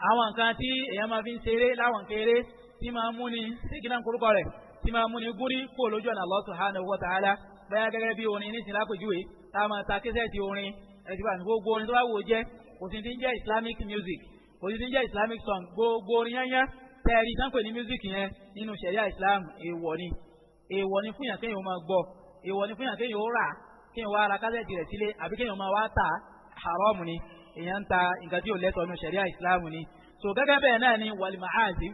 àwọn nǹkan tí èèyàn máa fi ń ṣeré láwọn nǹkan eré tí máa mú ni sígínà kórúkọ rẹ̀ tí máa mú ni gúrí kó lójú ọ̀nà Allah subhanahu wa ta'ala bẹ́ẹ̀ gẹ́gẹ́ bí orin nísìnyí lápèjúwe táwọn ta kẹ́sẹ̀ ti orin ẹ̀sìn gbogbo orin tó bá wò jẹ́ kò sí ti ń jẹ́ islamic music kò sí ti ń jẹ́ islamic song gbogbo orin yányá tẹ́ẹ̀rí sánpẹ̀ ní music yẹn nínú sẹ̀ríà islam èèwọ̀ ni èèwọ̀ ni fúnyàn kéèyàn máa gbọ́ èèwọ̀ ni fúnyàn kéèyàn ó rà kéèyàn wá ara kásẹ̀tì rẹ̀ sílé àbí kéèyàn máa wá tà haram ni èèyàn ń ta nǹkan tí ò lẹ́tọ̀ọ́ nínú sẹ̀ríà islam ni so gẹ́gẹ́ bẹ́ẹ̀ náà ni wàlìmáàzì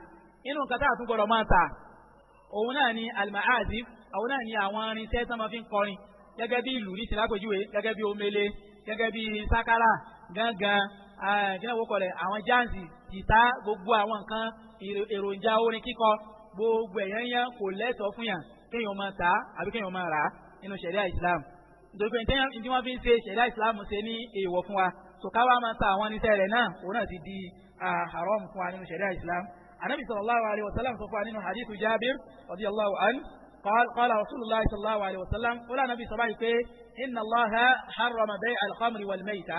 inú nǹkan tá a tún gbọ́dọ̀ máa ta òun náà ni àlìmáàzì àwọn náà ni àwọn irinṣẹ́ tí wọ́n gẹ́gẹ́ bí ìlú ní gẹ́gẹ́ bí omele gẹ́gẹ́ bí sákárà gángan kíni wọ́n kọlẹ̀ àwọn jáǹsì tìta gbogbo àwọn nǹkan èròjà orin kíkọ gbogbo ẹ̀yán yẹn kò lẹ́tọ̀ọ́ fún yàn kéèyàn máa tà á àbí kéèyàn máa rà á nínú sẹ̀ríà islam nítorí pé ní wọ́n fi ń ṣe sẹ̀ríà islam ṣe ní èèwọ̀ fún wa tó ká wá máa ta àwọn oníṣẹ́ rẹ̀ náà òun náà ti di haram fún wa nínú sẹ̀ríà islam anabi sallallahu alayhi wa sallam sọ fún wa nínú hadithu jabir radiyallahu anhu qala rasulillah sallallahu alayhi wa sallam ó lànà bí sọ báyìí pé inna Allah harrama bay' al-khamri wal-mayta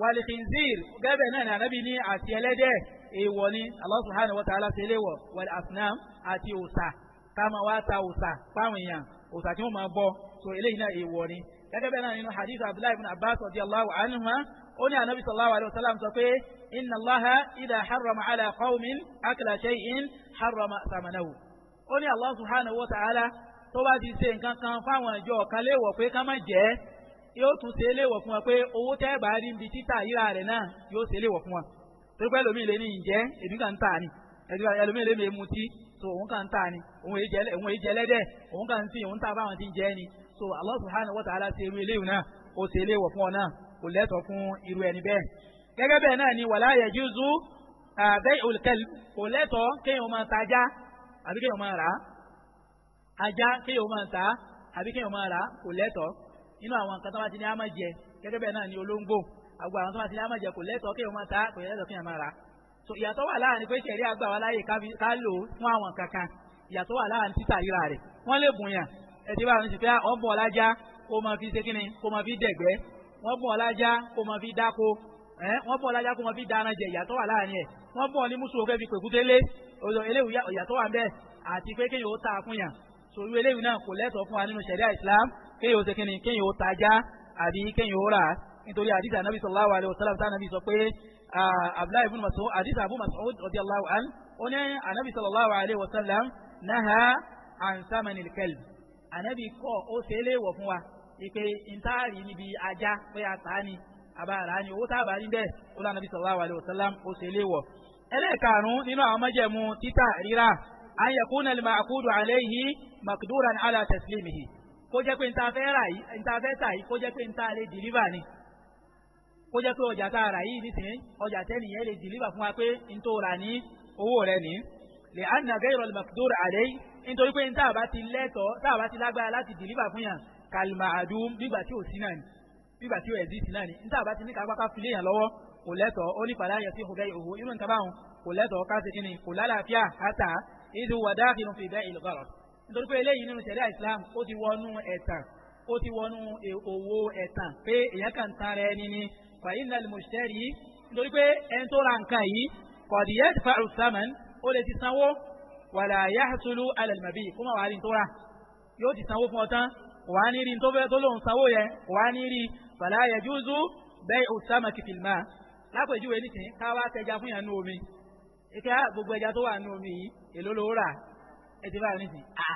wàlìkìnzìr gẹ́gẹ́ náà ní anábì ní àti ẹlẹ́dẹ̀ èèwọ̀ ni Allah subhanahu wa ta'ala ṣe léwọ̀ wal asnam àti òòsà táwọn wá ta òòsà fáwọn èèyàn òòsà tí wọ́n máa bọ so eléyìí náà èèwọ̀ ni gẹ́gẹ́ náà nínú hadith abdullahi ibn abbas radiyallahu anhuma ó ní anábì sallallahu alayhi wa sallam sọ pé inna allaha idha harrama ala qawmin akla shay'in harrama thamanahu ó ní Allah subhanahu wa ta'ala tó bá ti ṣe nǹkan kan fáwọn ìjọ kan léwọ̀ pé ká má jẹ́ yóò tún ṣe é léwọ̀ fún wa pé owó tẹ́ bá rí ibi títà yíra rẹ̀ náà yóò ṣe é léwọ̀ fún wa torí pé ẹlòmíì lè ní ìjẹ́ èmi kàn ń tà ni ẹlòmíì lè mi mu so òun kàn ń tà ni òun èyí jẹ lẹ́dẹ̀ òun kàn ń sìn òun tà báwọn ti jẹ́ ni so Allah subhanahu wa ta'ala ṣe irú eléyìí náà ó ṣe é léwọ̀ fún ọ náà kò lẹ́tọ̀ fún irú ẹni bẹ́ẹ̀ gẹ́gẹ́ bẹ́ẹ̀ náà ni wala yajuzu bai'ul kalb kò lẹ́tọ̀ kéèyàn máa ta ajá àbí kéèyàn máa rà á ajá kéèyàn máa ta àbí kéèyàn máa rà á kò lẹ́tọ̀ọ́ nínú àwọn nǹkan tó bá ti ní àmọ́ jẹ gẹ́gẹ́ bẹ́ẹ̀ náà ni olóńgbò àgbà àwọn tó bá ti ní àmọ́ jẹ kò lẹ́tọ̀ọ́ kéèyàn máa ta kò lẹ́tọ̀ọ́ kéèyàn máa rà so ìyàtọ̀ wà láàrin pé ṣẹ̀rí àgbà wa láàyè ká lò ó fún àwọn kankan ìyàtọ̀ wà láàrin títà rírà rẹ̀ wọ́n lè bùn yàn ẹtì bá wọn ti fẹ́ ọ̀bùn ọ̀làjà kó máa fi ṣe ni kó máa fi dẹ̀gbẹ́ wọ́n bùn ọ̀làjà kó máa fi dáko wọ́n bùn ọ̀làjà kó máa fi dáná jẹ ìyàtọ̀ wà láàrin ẹ̀ wọ́n bùn ní mùsùlùmí fẹ́ fi pèkúté lé eléwu ìyàtọ̀ wà ń bẹ́ẹ̀ àti pé kéèyàn ó ta àkúnyà sòrí eléwu náà kò lẹ́tọ̀ọ́ fún wa nínú ṣẹ̀ríà Islam kéèyàn ó ṣe kíni kéèyàn ó tajá àbí kéèyàn ó rà nítorí àdìsí ànábì sallallahu alaihi wasallam tá ànábì sọ pé abdullahi ibn mas'ud àdìsí abu mas'ud radiyallahu an ó ní ànábì sallallahu alaihi wasallam naha an samanil kalb ó ṣe é fún wa ìpè ntaari níbi ajá pé àtà ni ni owó tábà ní bẹ́ẹ̀ ó lànà bí sallallahu alaihi wasallam ó ṣe léwọ̀. ẹlẹ́ẹ̀karùn-ún nínú àwọn májẹ̀mú títà rírà an yakuna al-ma'kudu alayhi maqduran ala taslimihi kó jẹ́ pé nta fẹ́ rà yìí nta fẹ́ tà yìí kó jẹ́ pé nta lè dìlíbà ni kó jẹ́ pé ọjà tá a rà yìí nísìnyí ọjà tẹ́nìyẹn lè dìlíbà fún wa pé ntò rà ní owó rẹ̀ ní lè anna gẹ́rọ makdur àlẹ́ nítorí pé nta bá ti lẹ́tọ̀ọ́ tá a bá ti lágbára láti dìlíbà fún yàn kalima adum nígbà tí ò sí náà ni nígbà tí ò ẹ̀dí sí náà ni nta bá ti ní ká filé yàn lọ́wọ́ kò lẹ́tọ̀ọ́ ó ní padà yẹ nítorí pé eléyìí nínú sẹ̀ríà islam ó ti wọnú ẹ̀tàn ó ti wọnú owó ẹ̀tàn pé èèyàn kan tara ẹni ni fàyínà mùsítẹ́rì yìí nítorí pé ẹni tó ra nǹkan yìí kọ̀díyẹ́ fàrù sàmán ó lè ti sanwó wàlà yàtúlù alẹ́lẹ́mọ̀bí kó má wàá rí tó rà yóò ti sanwó fún ọ tán wàá ní rí tó fẹ́ tó lòun sanwó yẹn wàá ní rí fàlà yẹjúzú bẹ́ẹ̀ òsàmà kìfìlmà lápèjúwe nìkan káwá tẹja fún yàn ní omi ìkẹ́ ah, gbogbo ẹja tó wà ní omi yìí èló ló rà ẹ ti báyìí nísìnyí àá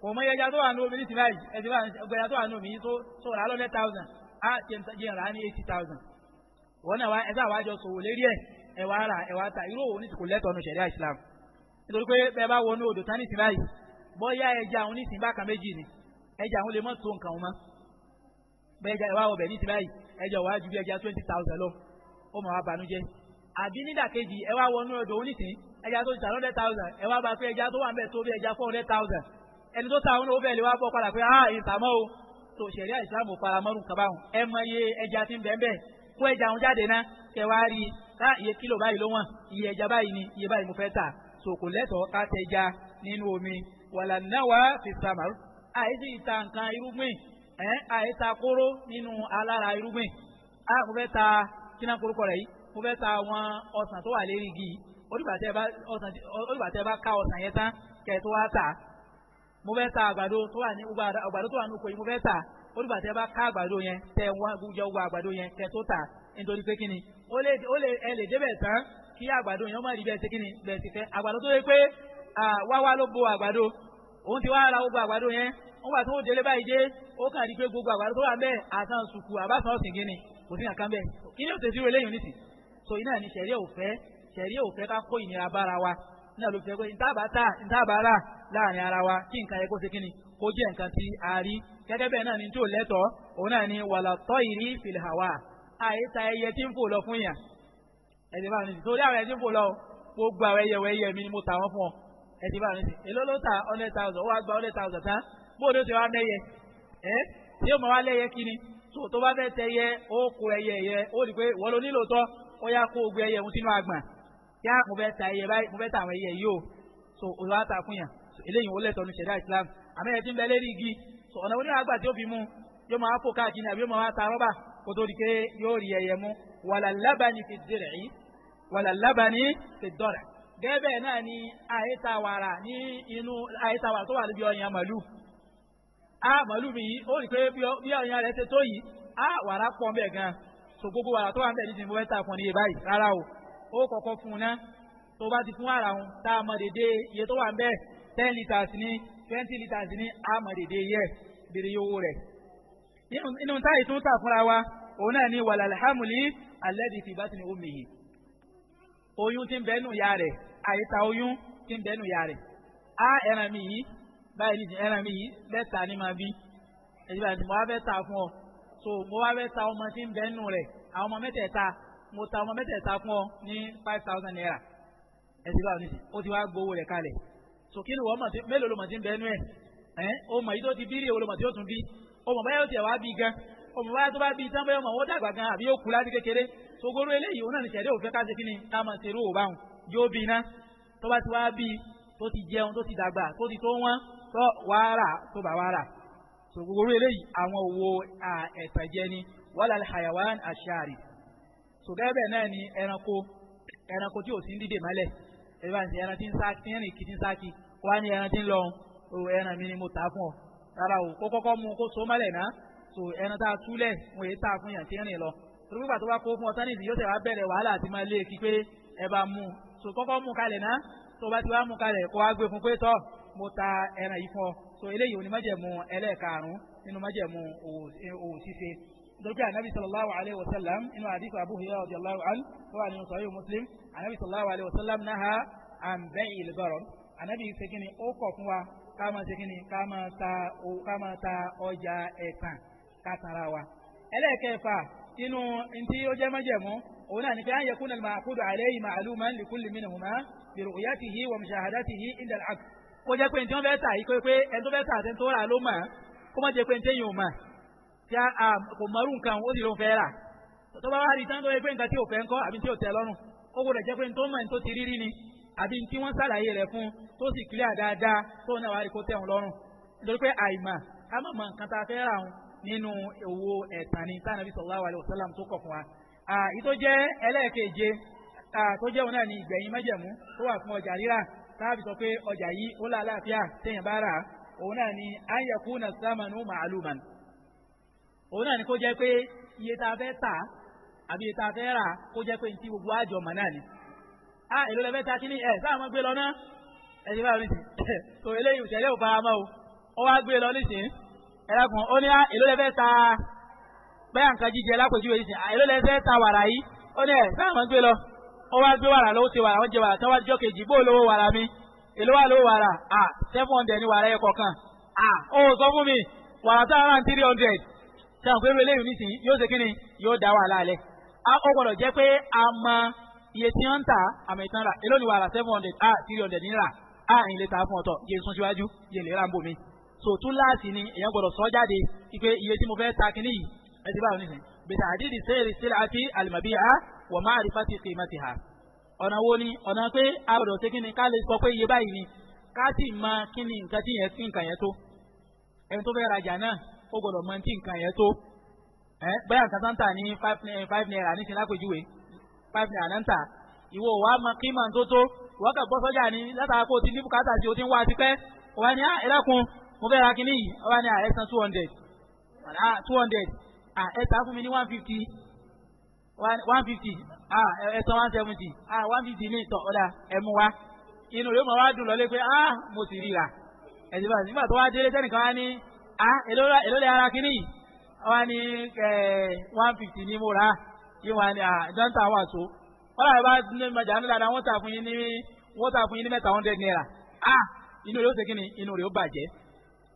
kò mọ ẹja tó wà ní obìnrin nísìnyí báyìí ẹ ti báyìí ọgbẹ́ ẹja tó wà ní obìnrin tó tó rà á lọ́dẹ thousand á jẹ rà á ní eighty thousand náà ta irú òun ní kò lẹ́tọ̀ọ́ sẹ̀ríà Islam nítorí pé bẹ́ẹ̀ bá wọnú odò báyìí bọ́yá ẹja òun bá kan méjì ni ẹja òun lè mọ́ tó nǹkan ọbẹ̀ ní báyìí ju bí lọ ó mọ̀ wá banújẹ́ àbí nídàkejì ẹ wá wọnú ẹja tó ti tà hundred thousand ẹ wá bá pé ẹja tó wà ń tó bí ẹja four hundred thousand ẹni tó ta àwọn owó bẹ́ẹ̀ lè wá bọ́ padà pé ah ìtàmọ́ o tó ṣẹ̀ríà ìsìlámù faramọ́rù kábàáhùn ẹ mọ iye ẹja tí ń bẹ́ẹ̀ bẹ́ẹ̀ kó ẹja òun jáde ná kẹ wá rí i ká ah, iye kílò báyìí ló wọ̀n iye ẹja báyìí ni iye báyìí mo fẹ́ tà so kò lẹ́tọ̀ọ́ ká tẹja nínú omi wàlà náwà fi sàmàrù àìsí ìta nǹkan irúgbìn ẹ àìta kóró nínú alára irúgbìn á ah, mo fẹ́ ta kí náà rẹ̀ yìí mo fẹ́ ta àwọn ọsàn tó wà lérí igi onígbà tẹ́ bá ká ọ̀sán yẹn tán kẹ́ tó wá tà mo fẹ́ ta àgbàdo tó wà ní àgbàdo tó wà mo fẹ́ tà tẹ́ bá ká àgbàdo yẹn tẹ́ wá jẹ wá àgbàdo yẹn kẹ́ tó tà nítorí pé kíni ó lè ẹ lè débẹ̀ tán kí àgbàdo yẹn ó má rí bẹ́ẹ̀ sí kíni bẹ́ẹ̀ sí fẹ́ àgbàdo tó yẹ pé wáwá ló bo àgbàdo òun ti wá ra gbogbo àgbàdo yẹn wọ́n gbà tó ó gbogbo àgbàdo tó wà bẹ́ẹ̀ àtàn sùkù ṣẹ̀rí ò fẹ́ ká kó ìnira bára wa náà ló fi láàrin ara wa kí nǹkan yẹ kó ṣe kíni kó jẹ́ nǹkan tí a rí gẹ́gẹ́ bẹ́ẹ̀ náà ni tí ò lẹ́tọ̀ òun náà ni wàlà tọ́ ìrí fìlàwà àìta ẹyẹ tí ń fò lọ fún yàn bá mi sì torí àwọn ẹyẹ tí ń fò lọ gbogbo àwọn ẹyẹ wọ ẹyẹ mi ni mo tà wọ́n fún ọ bá mi ta ó wá gba tán ti wá tí ó wá lẹ́yẹ i pé wọ́n nílò yá mo fẹ́ ta ẹyẹ báyìí mo fẹ́ ta àwọn ẹyẹ yìí o so òun wá ta fún yàn eléyìí wọlé tọ́nu ṣẹ̀dá islam àmọ́ ẹ̀ ti ń bẹ lérí igi so ọ̀nà oníwà àgbà tí ó fi mú yóò máa fò káàkiri àbí yóò máa ta rọ́bà kó tó di pé yóò rí ẹyẹ mú wàlà lábàání fi dèrè yìí wàlà lábàání fi dọ̀rẹ̀ gẹ́gẹ́ náà ni àyètàwàrà ní inú àyètàwàrà tó wà níbi ọyàn màlúù a màlúù mi yìí ó rí pé bí ọyàn rẹ̀ ṣe tó yìí a wàrà pọ̀ bẹ́ẹ̀ gan so gbogbo wàrà tó wà ń bẹ̀ nídìí mo fẹ́ ta fún ni yé báyìí rárá o ó kọ́kọ́ fún un náà tó bá ti fún ara òun tá a mọ̀ dédé iye tó wà ń bẹ́ẹ̀ ten litres ní twenty litres ní a mọ̀ dédé yẹ bèrè iye owó rẹ̀. inú táyì tó ń tà fúnra wa òun náà ní wàlàlhámùlì alẹ́bí ti bá ti ní omi yìí oyún ti ń bẹ́ẹ̀ nù ya rẹ̀ àyíta oyún ti ń bẹ́ẹ̀ nù ya rẹ̀ á ẹran mi yìí báyìí nìyí ẹran mi yìí mẹ́ta ni máa bí èyí bá ti mọ wá fẹ́ ta fún ọ so mo wá fẹ́ ta ọmọ tí ń bẹ́ẹ̀ nù rẹ̀ àwọn ọmọ mẹ́tẹ̀ẹ̀ta mo ta ọmọ mẹ́tẹ̀ẹ̀ta fún ọ ní five thousand naira ẹ ti bá ọ nísìnyí ó ti wá gbowó rẹ̀ kalẹ̀ so kí ni wọ́n mọ̀ sí mélòó ló mọ̀ sí ń bẹ́ẹ̀ nú ẹ̀ ẹ̀ ó mọ̀ yìí tó ti bí rí èwo ló mọ̀ sí ó tún bí ó mọ̀ báyọ̀ tiẹ̀ wá bí gan o mọ̀ báyọ̀ tó bá bí tán báyọ̀ mọ̀ ó dàgbà gan àbí yóò kú láti kékeré so gbogbo eléyìí òun náà ní sẹ̀dẹ̀ òfin káṣe kí ni ká mọ̀ ṣerú òbá wọn yóò bí ti wá bí ti jẹun tó ti dàgbà tó ti tó wọ́n tó wàhálà tó bá wàhálà so gbogbo eléyìí àwọn òwò ẹ̀tàn jẹ sògẹ́bẹ̀ náà ni ẹranko ẹranko tí ò sí ń dìde mọ́lẹ̀ ẹ bá ń sẹ ẹran tí ń sá tí ń kí tí ń sá kí wá ní ẹran tí ń lọ o ẹran mi ni mo tà á fún ọ rárá o kó kọ́kọ́ mu kó so mọ́lẹ̀ náà so ẹran tá a túlẹ̀ mo yé tà fún yàn tí ń rìn lọ torí pípa tó bá kó fún ọ tánìsì yóò tẹ̀ wá bẹ̀rẹ̀ wàhálà àti máa lé e kí pé ẹ bá mu so kọ́kọ́ mu kalẹ̀ náà tó bá ti wá mu kalẹ̀ kó wá gbé fún pé tọ́ mo ta ẹran yìí fún ọ so eléyìí onímọ̀jẹ̀mú ẹlẹ́ẹ̀karùn-ún nínú mọ̀jẹ̀mú òwò nítorí pé anabi sallallahu alayhi wa sallam inú àdìsọ abu hurairah radiyallahu an tó wà nínú sahih muslim anabi sallallahu alayhi wa sallam naha an bẹ́ẹ̀ ìlúgbọ̀rọ̀ anabi segini ó kọ̀ fún wa ká máa segini ká máa ta ká máa ta ọjà ẹ̀tàn ká tara wa ẹlẹ́ẹ̀kẹfà inú ntí ó jẹ́ májẹ̀mú òun náà ní pé an yakuna al-ma'qudu alayhi ma'luman li kulli minhuma bi ru'yatihi wa mushahadatihi inda al-'aqd kó jẹ́ pé ntí wọ́n fẹ́ tà yìí pé pé ẹni tó fẹ́ tà àti ẹni tó rà kó má jẹ́ pé ntí yìí ò mà tí a ah, kò mọ̀rú nǹkan ó sì ló ń fẹ́ rà tó bá wá rí tán tó yẹ pé nǹkan tí ò fẹ́ ń kọ́ àbí tí ò tẹ́ lọ́rùn ó gbọdọ̀ jẹ́ pé tó mọ̀ ní tó ti rírí ni àbí tí wọ́n ṣàlàyé rẹ̀ fún tó sì clear dáadáa tó náà wá rí kó tẹ̀wọ̀n lọ́rùn nítorí pé àìmọ̀ ká mọ̀ mọ̀ nǹkan tá a fẹ́ rà wọn nínú owó ẹ̀tàn ni tá nàbí sallallahu alaihi wasallam tó kọ̀ fún wa. àyí tó jẹ́ ẹlẹ́ẹ̀keje tó jẹ́ òun náà ni ìgbẹ̀yìn májẹ̀mú tó wà fún ọjà rírà táàbì sọ òun náà ni kó jẹ́ pé iye tá a fẹ́ tà àbí iye tá a fẹ́ rà kó jẹ́ pé ti gbogbo àjọ mọ̀ náà ni a èlò lẹ́fẹ́ ta kí ni ẹ̀ sáà máa gbé lọ náà ẹ̀ ti báyìí nìyí tó eléyìí ìṣẹ̀lẹ̀ ò fara mọ́ o ó wá gbé lọ nísìnyí ẹ̀ lákùn ó ní èlò lẹ́fẹ́ ta bẹ́ẹ̀ nǹkan jíjẹ lápèjúwe nísìnyí èlò lẹ́fẹ́ ta wàrà yìí ó ní ẹ̀ sáà máa gbé lọ ó wá gbé wàrà lọ́wọ́ ṣe wàrà wọ́n jẹ wàrà tán wá jọ kejì bó lówó wàrà mi èló wà lówó wàrà à seven hundred ni wàrà ẹ̀ kọ̀ọ̀kan à ó sọ fún mi wàrà tá a three hundred sẹ́wọ̀n pé eléyìí nísìnyí yóò ṣe kíni yóò dá wàhálà lẹ̀ ó gbọ́dọ̀ jẹ́ pé a mọ iye tí wọ́n ń tà àmì ìtàn rà èló ni wàhálà seven hundred a three hundred nílà a ìyìn lè ta fún ọ̀tọ̀ yé sun síwájú yé lè ra ń bò mí so tún láàsì ni èèyàn gbọ́dọ̀ sọ jáde pé iye tí mo fẹ́ ta kíní yìí ẹ ti báwọn nísìnyí bẹ̀tà àdídì sẹ́ẹ̀rì sílẹ̀ àti àlùmọ̀bíyà wọ̀ máa rí fásitì qimatiha ọ̀nà wo ni ọ̀nà pé a gbọ́dọ̀ ṣe kíni ká lè sọ pé ẹni tó fẹ́ rajà náà ó gbọ́dọ̀ mọ tí nǹkan yẹn tó ẹ bẹ́ẹ̀ nǹkan tó ń ní five naira ní sinla pèjúwe five naira náà ń tà ìwọ wa mọ kí màá tó tó ìwọ kà bọ́ sọ́jà ni látara kó o ti ní bùkátà tí o ti ń wá tipẹ́ ọba ni ah, ẹ dákun mo fẹ́ ra kinní yìí ọba ni ah, ẹ san two hundred ah two hundred ah, ẹ tà fún mi ní one fifty one fifty ẹ san one seventy ah one fifty ní ìtọ̀ ọ̀dà ẹ mú wa inú yóò máa wá dùn lọ́lé pé mo sì rí ra ẹ̀sìn bá nígbà tó wá délé sẹ́nìkan wá ní Ah, èló lè ara kínní yìí wọ́n ní one fifty ní mo rà á yìí wọ́n ní àjọ́ǹtà ah, wà tó wọ́n làwọn bá ní ọjà ní dáadáa wọ́n tà fún yín ní wọ́n tà fún yín ní mẹ́ta hundred naira ah inú rẹ̀ ó ṣe kínní inú rẹ̀ ó bàjẹ́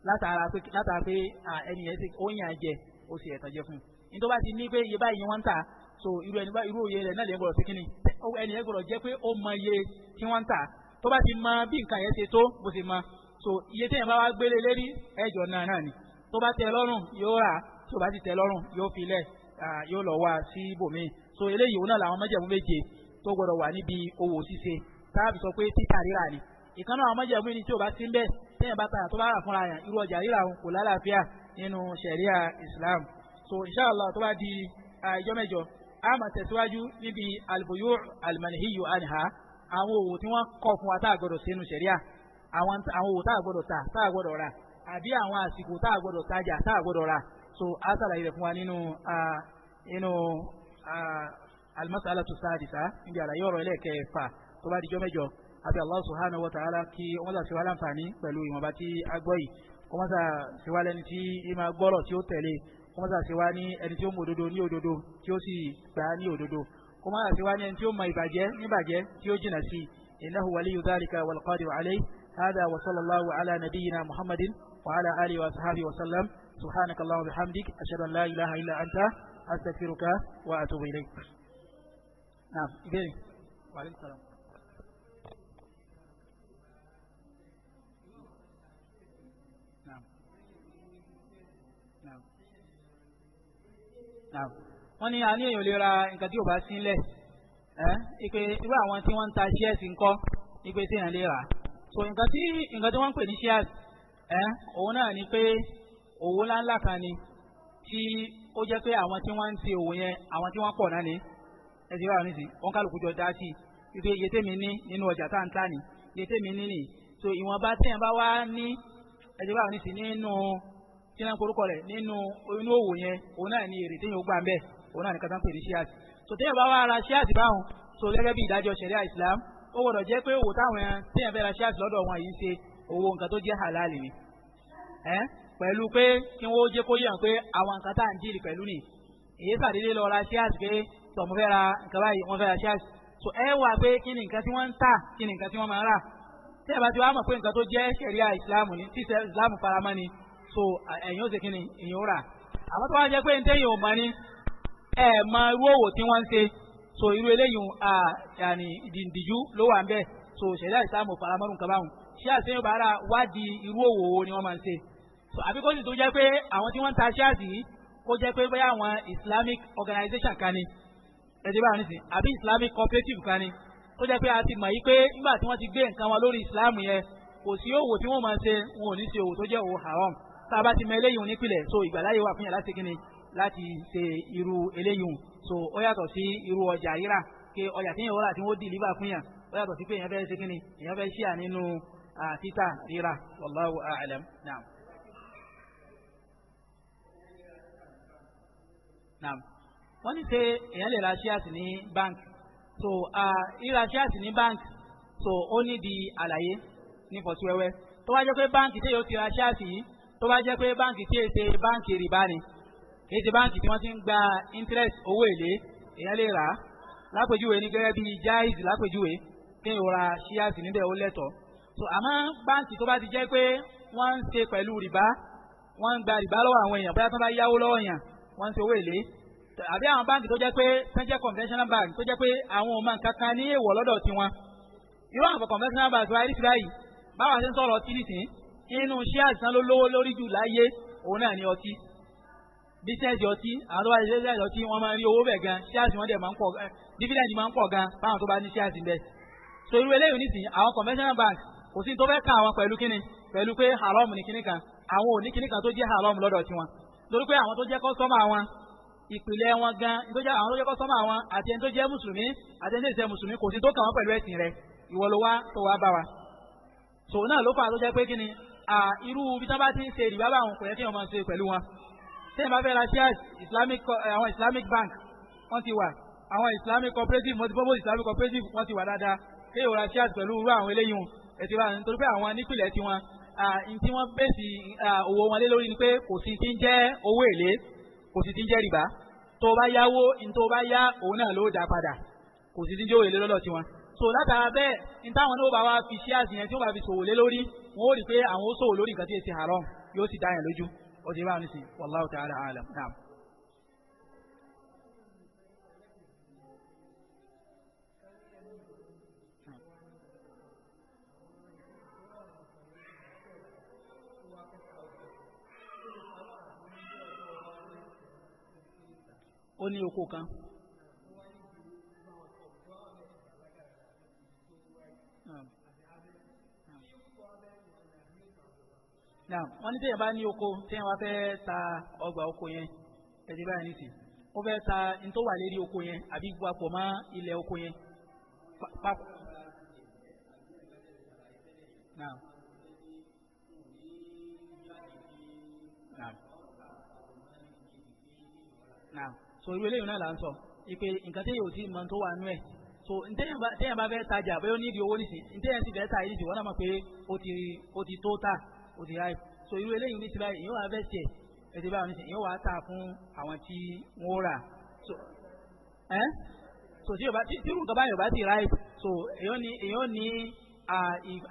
látara pé látara pé ah, ẹni yẹn ó yàn jẹ ó sì ẹ̀tàn jẹ fún un nítorí wọ́n ti ní pé iye báyìí wọ́n ń tà so irú ẹni bá irú òye rẹ̀ náà lè gbọ́dọ̀ sí kínní ẹni yẹn gbọ́dọ̀ jẹ́ pé ó mọ iye tí wọ́n ń tà tó bá ti mọ bí nǹkan yẹn ṣe tó bó ṣe mọ so iye tẹ́yìn bá wá gbélé lérí ẹ̀jọ̀ náà náà ni tó bá tẹ lọ́rùn yóò rà tó bá ti tẹ lọ́rùn yóò filẹ̀ yóò lọ wá sí ibòmíì so eléyìí òun náà làwọn mọ́jẹ̀mú méje tó gbọdọ̀ wà níbi owó ṣíṣe táàbì sọ pé títà rírà ni ìkànnà àwọn mọ́jẹ̀mú ni tí o bá sí ń bẹ̀ tẹ́yìn bá tayà tó bá rà fúnra yàn irú ọjà rírà òun kò lálàáfíà nínú sẹ̀ríà Islam so inshallah tó bá di ìjọ mẹ́jọ a máa tẹ̀síwájú níbi albuyu almanhiyu anha àwọn òwò tí wọ́n kọ̀ fún àwọn àwọn òwò tá a gbọ́dọ̀ ta tá a gbọ́dọ̀ ra àbí àwọn àsìkò tá a gbọ́dọ̀ tajà tá a gbọ́dọ̀ ra so a sàlàyé rẹ̀ fún wa nínú nínú alimasalatu sadisa níbi àlàyé ọ̀rọ̀ ẹlẹ́ẹ̀kẹfà tó bá dijọ́ mẹ́jọ àbí allah subhanahu wa ta'ala kí wọ́n sà síwá láǹfààní pẹ̀lú ìwọ̀nba tí a gbọ́ yìí kó wọ́n sà síwá lẹ́ni tí í máa gbọ́rọ̀ tí ó tẹ̀lé kó wọ́n sà síwá ní ẹni tí ó mọ òdodo ní òdodo tí ó sì gbà ní òdodo kó wọ́n sà síwá ní ẹni tí ó mọ ìbàjẹ́ níbàjẹ́ tí ó jìnà sí innahu waliyu dhalika wal qadiru هذا وصلى الله على نبينا محمد وعلى آله وصحبه وسلم سبحانك اللهم وبحمدك أشهد أن لا إله إلا أنت أستغفرك وأتوب إليك نعم إذن وعليكم السلام نعم نعم نعم wọ́n ní àní èèyàn lè ra nǹkan tí ò bá sílẹ̀ ẹ́ ipe irú àwọn tí wọ́n ń ta ṣíẹ́sì ńkọ́ ipe tí èèyàn lè rà á so nǹkan tí nǹkan tí wọ́n ń pè ní shares ẹ̀ òun náà ni pé òwò ńláńlá kan ni tí ó jẹ́ pé àwọn tí wọ́n ń ṣe òwò yẹn àwọn tí wọ́n pọ̀ náà ni ẹ ti wá ní sí wọn kálukú jọ dá sí i ibi iye ní nínú ọjà tá à ń tà ní iye ní nì so ìwọ̀nba tẹ̀yìn bá wá ní ẹ ti wá ní sí nínú tí náà ń korúkọ rẹ̀ nínú inú òwò yẹn òun náà ni èrè tẹ̀yìn ó gbà ń bẹ̀ òun náà ni kàtà ń pè ní shares so tẹ̀yìn bá wá ra shares báwọn so gẹ́gẹ́ bí ìdájọ́ ṣẹ̀ríà Islam ó gbọ́dọ̀ jẹ́ pé òwò táwọn téèyàn fẹ́ ra shares lọ́dọ̀ wọn yìí ṣe owó nǹkan tó jẹ́ halal ni ẹ́ pẹ̀lú pé kí wọ́n jẹ́ kó yàn pé àwọn nǹkan tá à ni èyí sàdédé lọ ra shares pé tọ̀mù fẹ́ ra nǹkan báyìí shares so ẹ wà pé kí ni nǹkan tí wọ́n ń tà kí ni nǹkan tí wọ́n máa rà tí ẹ bá ti wá ni tí faramọ́ ni so ẹ̀yin ó ṣe kí ni ó rà àmọ́ ni irú òwò tí wọ́n ń so irú eléyìí à yàní ìdìjú ló wà ń bẹ so ṣẹlẹ̀ ìsàmù faramọ́rùn kaba hùn ṣíàsì ní bàárà wádìí irú òwò wo ni wọ́n máa ń ṣe so àbí kó sì tó jẹ́ pé àwọn tí wọ́n ń ta ṣíàsì yìí kó jẹ́ pé bóyá àwọn islamic organization kan ni ẹ̀dí báyìí nìsín àbí islamic cooperative kan ni tó jẹ́ pé a ti mọ̀ yìí pé nígbà tí wọ́n ti gbé nǹkan wọn lórí islam yẹn kò sí òwò tí wọ́n máa ṣe wọn ò ní ṣe òwò tó jẹ́ òwò haram tá a bá ti mọ eléyìí nípìnlẹ̀ so ìgbàláyè wà fún yàrá ṣe kíni láti ṣe irú eléyìí so ó yàtọ̀ sí irú ọjà rírà pé ọjà tí yẹn wọ́n rà tí wọ́n dìlíbà fún yàn ó yàtọ̀ sí pé èèyàn fẹ́ ṣe kí ni èèyàn fẹ́ ṣíà nínú títà rírà wallahu a'lam naam. naam wọ́n ní ṣe èèyàn lè ra shares ní bank so ríra shares ní bank so ó ní di àlàyé ní fọ̀tíwẹ́wẹ́ tó bá jẹ́ pé báǹkì tí yóò ti ra shares yìí tó bá jẹ́ pé báǹkì tí èsè báǹkì rìbá ni èyí ti báǹkì tí wọ́n ti ń gba interest owó èlé èyàn lè rà á lápèjúwe ní gẹ́gẹ́ bíi jaiz lápèjúwe kí n ra shares níbẹ̀ ó lẹ́tọ̀ọ́ so àmọ́ báǹkì tó bá ti jẹ́ pé wọ́n ń ṣe pẹ̀lú rìbá wọ́n ń gba rìbá lọ́wọ́ àwọn èèyàn bóyá tó bá yáwó lọ́wọ́ èèyàn wọ́n ń ṣe owó èlé àbí àwọn báǹkì tó jẹ́ pé tó jẹ́ conventional bank tó jẹ́ pé àwọn ò máa ń kankan ní èèwọ̀ lọ́dọ̀ tiwọn irú àwọn conventional bank wa eréṣin báyìí báwa ṣe ń sọ̀rọ̀ ọtí nìsín inú shares náà ló lówó lórí jù láyé òun náà ni ọtí bísíǹsì ọtí àwọn tó bá ṣe bísíǹsì ọtí wọ́n máa ń rí owó bẹ̀ gan ṣíàsì wọn dẹ̀ máa ń pọ̀ gan dífídẹ́ǹdì máa ń pọ̀ gan báwọn tó bá ní ṣíàsì bẹ́ẹ̀. so irú eléyìí nísìnyí àwọn conventional bank kò sí tó fẹ́ kàn àwọn pẹ̀lú kíni pẹ̀lú pé haram ní kíní kan àwọn ò ní kíní kan tó jẹ́ haram lọ́dọ̀ tiwọn torí pé àwọn tó jẹ́ kọ́sọ́mà wọn ìpìlẹ̀ wọn gan tó jẹ́ àwọn tó jẹ́ kọ́sọ́mà wọn àti ẹni tó jẹ́ mùsùlùmí àti ẹni tó jẹ́ mùsùlùmí kò sí tó kàn wọ́n pẹ̀lú ẹ̀sìn rẹ ìwọ ló wá tó wá bá wa. so náà ló fà á tó jẹ́ pé kíni irú bí tábà ti ń ṣe ìdìbò àbáwọn kò yẹ kí wọ́n máa ṣe pẹ̀lú wọn tẹ́yìn bá fẹ́ ra shares islamic eh, àwọn islamic bank wọ́n ti wà àwọn islamic cooperative multiple islamic cooperative wọ́n ti wà dáadáa kéèyàn ra shares pẹ̀lú irú àwọn eléyìí wọn ètò ìbára nítorí pé àwọn nípìnlẹ̀ tiwọn tí wọ́n bèsì owó wọn lé lórí ni pé kò sí ti ń jẹ́ owó èlé kò sì ti ń jẹ́ rìbá tó o bá yáwó ní tó o bá yá òun náà ló dá padà kò sì ti ń jẹ́ òwe lé lọ́lọ́ tiwọn. so látara bẹ́ẹ̀ ní táwọn náà bá wá fi shares yẹn tí wọ́n bá fi ṣòwò lé lórí wọ́n ó rí i pé àwọn ó ṣòwò lórí nǹkan tí èsì وديوان والله تعالى عالم نعم ó ní oko kan um. na wọ́n ní tẹ́yìn bá ní oko tẹ́yìn wá fẹ́ ta ọgbà oko yẹn ẹ̀dí báyìí nìsín ó fẹ́ ta ntọ́ wà lérí oko yẹn àbí wà pọ̀ mọ́ ilẹ̀ oko yẹn so irú eléyìí náà là ń sọ ipe nǹkan tẹ́yìn ò sí mọ̀ tó wà nú ẹ̀ so ntẹ́yìn bá fẹ́ tajà bẹ́ẹ̀ ó ní ìdí owó nìsín ntẹ́yìn sì pé ó ti tó taa. ó ti so irú eléyìí ní ti báyìí yóò wá bẹ́ẹ̀ tiẹ̀ ètò ìbára mi sìn yóò wá tà fún àwọn tí wọ́n rà so ẹ́ so tí yorùbá tí irú nǹkan báyìí yorùbá ti ráì so èyàn ní èyàn ní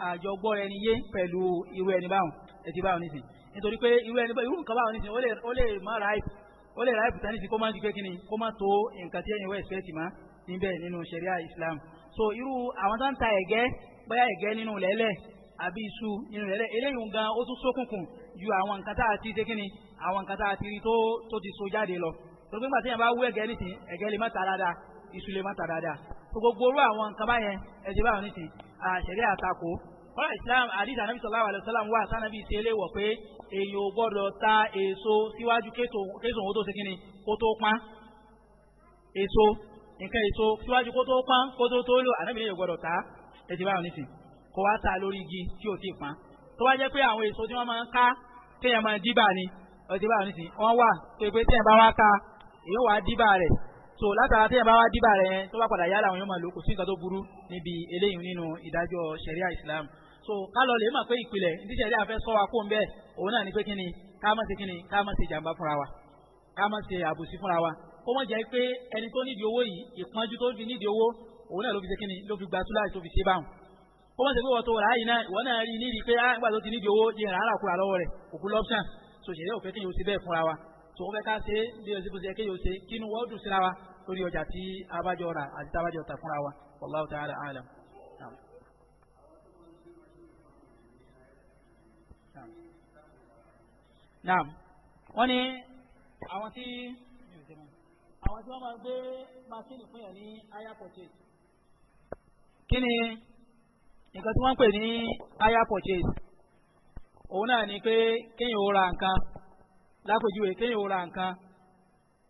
àjọgbọ́ ẹni yé pẹ̀lú irú ẹni báwọn ètò ìbára mi sìn nítorí pé irú ẹni irú nǹkan báwọn ní sìn ó lè má ráì ó lè ráì bùtánì sí kó má ti pé kíni kó má tó nǹkan tí ẹ̀yin wẹ̀ ṣẹ́ẹ̀tì má níbẹ̀ nínú ṣẹ̀ríà Islam so irú àwọn tó ń ta ẹ̀gẹ́ bóyá ẹ̀gẹ́ nínú lẹ́lẹ̀ àbí iṣu irin rẹ̀ eléyìí gan ó tún sókùnkùn ju àwọn nǹkan tá a ti ṣe kíni àwọn nǹkan tá a ti rí tó tó ti so jáde lọ torí pé nígbà tí yẹn bá wú ẹ̀gẹ́ nìsín ẹ̀gẹ́ lè má ta dáadáa iṣu lè má ta dáadáa gbogbo orú àwọn nǹkan báyẹn ẹ̀jẹ̀ báwọn nìsín àṣẹ̀rí àtakò kọ́lá islam àdìsá nàbí sallallahu alaihi wasallam wà sànàbí ìṣẹ̀lẹ̀ wọ̀ pé èèyàn ò gbọ́dọ̀ ta èso síwájú késo òun tó ṣe kíni kó tó pán èso nǹkan èso síwájú kó tó pán kó tó tó lò ànábìyẹn ò gbọ́dọ̀ ta ẹ̀jẹ̀ báwọn nìsín kó wá ta lórí igi tí ò ti pọ́n tó bá jẹ́ pé àwọn èso tí wọ́n máa ń ká téèyàn máa díbà ni ọtí báwọn ní sìn wọ́n wà tó pé téèyàn bá wá ká èyí wà á díbà so látara téèyàn bá wá díbà rẹ̀ yẹn tó bá padà yálà àwọn yóò máa lò kò sí nǹkan tó burú níbi eléyìí nínú ìdájọ́ ṣẹ̀ríà Islam so ká lọ lè mọ̀ pé ìpìlẹ̀ ní ṣẹ̀ríà fẹ́ sọ wa kó ń bẹ́ẹ̀ òun náà ní pé kíni ká má se kíni ká má ṣe jàǹbá fúnra wa ká má ṣe àbòsí fúnra wa kó mọ̀ jẹ́ pé ẹni tó nídìí owó yìí ìpọ́njú tó fi nídìí owó òun náà ló fi ṣe kíni ló fi gba túláàsì báwọn kó má ṣe pé wọ́n tó rà á yìí náà wọ́n náà rí nídìí pé àgbà ah, tó ti nídìí owó ti rà á rà kúrà lọ́wọ́ rẹ̀ òkú lọ́pṣàn so ṣẹlẹ̀ òfin kéèyàn ó ṣe bẹ́ẹ̀ fúnra wa so wọ́n fẹ́ ká ṣe bí o ṣe bó ṣe kéèyàn ó ṣe kí inú wọ́n dùn síra wa lórí ọjà tí abájọ rà àti tábájọ tà fúnra wa wallahu ta'ala a'lam. naam wọ́n ní àwọn tí wọ́n máa gbé masínì fún yàn ní higher kí ni nǹkan tí wọ́n ń pè ní hire purchase òun náà ni pé kéèyàn ó ra nǹkan lápèjúwe kéèyàn ó ra nǹkan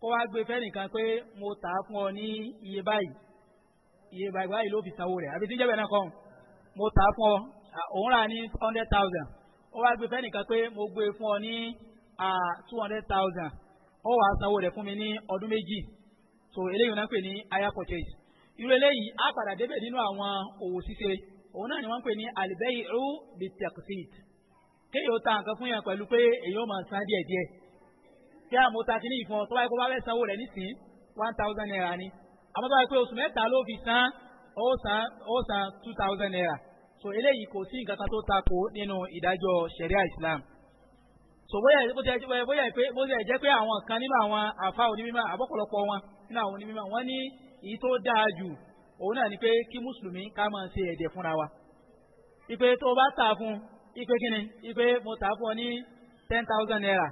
kó wá gbé fẹ́nìkan pé mo tà á ní iye báyìí iye báyìí báyìí fi sanwó rẹ̀ àbí tí ń ọ òun rà ní hundred thousand ó wá gbé fẹ́nìkan pé ọ ní two hundred thousand ó wàá sanwó fún mi ní ọdún méjì so eléyìí pè ní purchase á padà débẹ̀ òun náà ni wọ́n ń pè ní albay'u bitaqsit kéèyàn ta nǹkan fún yẹn pẹ̀lú pé èyàn máa san díẹ̀ díẹ̀ kí a mọ̀ ta kí ní ìfọ̀n tó báyìí kó bá fẹ́ sanwó rẹ̀ nísìnyí one thousand naira ni àmọ́ tó báyìí pé oṣù mẹ́ta ló fi san ó san ó san two thousand naira so eléyìí kò sí nǹkan kan tó ta kò nínú ìdájọ́ sharia islam so bóyá bóyá pé bóyá jẹ́ pé àwọn kan nínú àwọn àfa onímọ̀ àbọ̀pọ̀lọpọ̀ wọn nínú àwọn onímọ̀ wọn ní èyí tó dáa jù òun náà ni pé kí mùsùlùmí ká máa ṣe ẹ̀jẹ̀ fúnra wa ipe tó o bá tà fún ipe kíni ipe mo tà fún ọ ní ten thousand naira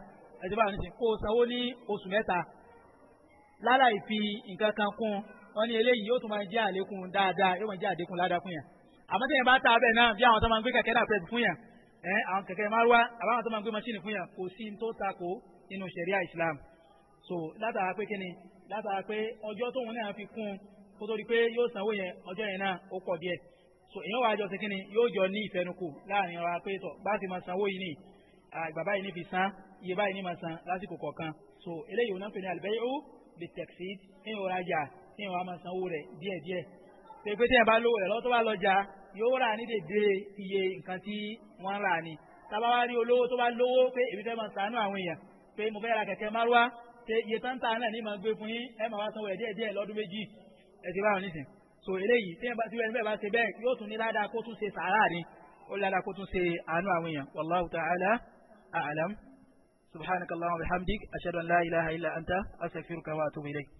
ẹ̀jẹ̀ báwo ni sìn kó o sanwó ní oṣù mẹ́ta láláì fi nǹkan kan kún wọn ní eléyìí yóò tún máa jẹ́ àlékún dáadáa yóò máa jẹ́ àdékún ládàá fún yàn àmọ́ tẹ̀yìn bá ta abẹ́ náà bí àwọn tó máa ń gbé kẹ̀kẹ́ dàpẹ́ fún yàn ẹ̀ àwọn kẹ̀kẹ́ márùwá àbáwọn tó máa ń gbé mọ́ṣíìnì fún yàn kò sí ní tó ta kó nínú Islam so látara pé kíni látara pé ọjọ́ tóun náà fi kún un kó tó di pé yóò sanwó yẹn ọjọ́ yẹn náà ó pọ̀ díẹ̀ so èèyàn wàá jọ sí kíni yóò jọ ní ìfẹnukù láàrin ọ̀rọ̀ pé tọ̀ bá ti máa sanwó yìí ni àgbà báyìí ní fi san iye báyìí ní máa san lásìkò kọ̀ọ̀kan so eléyìí wọn náà pè ní àlùbẹ́yẹ̀wò lè tẹ̀sí ẹ̀yìn ọ̀rọ̀ ajá ẹ̀yìn ọ̀rọ̀ máa sanwó rẹ̀ díẹ̀díẹ̀ pé pé tí ẹ̀ bá lówó rẹ̀ lọ́wọ́ bá lọ́jà yóò rà ní dèdè iye nǹkan tí wọ́n rà ni tábà wá rí olówó tó bá lówó pé èmi fẹ́ máa sànú àwọn èèyàn pé mo fẹ́ ra kẹ̀kẹ́ márúwá pé iye táǹtà náà ní máa gbé fún yín ẹ̀ máa wá sanwó rẹ̀ díẹ̀díẹ̀ lọ́dún méjì ẹ ti báwọn nísìn so eléyìí tí wọ́n bẹ́ẹ̀ bá ṣe bẹ́ẹ̀ yóò tún ní ládàá kó tún ṣe sàárà ni ó ládàá kó tún ṣe àánú àwọn èèyàn wallahu ta'ala a'lam subhanaka wa bihamdik ashhadu an la ilaha illa anta astaghfiruka wa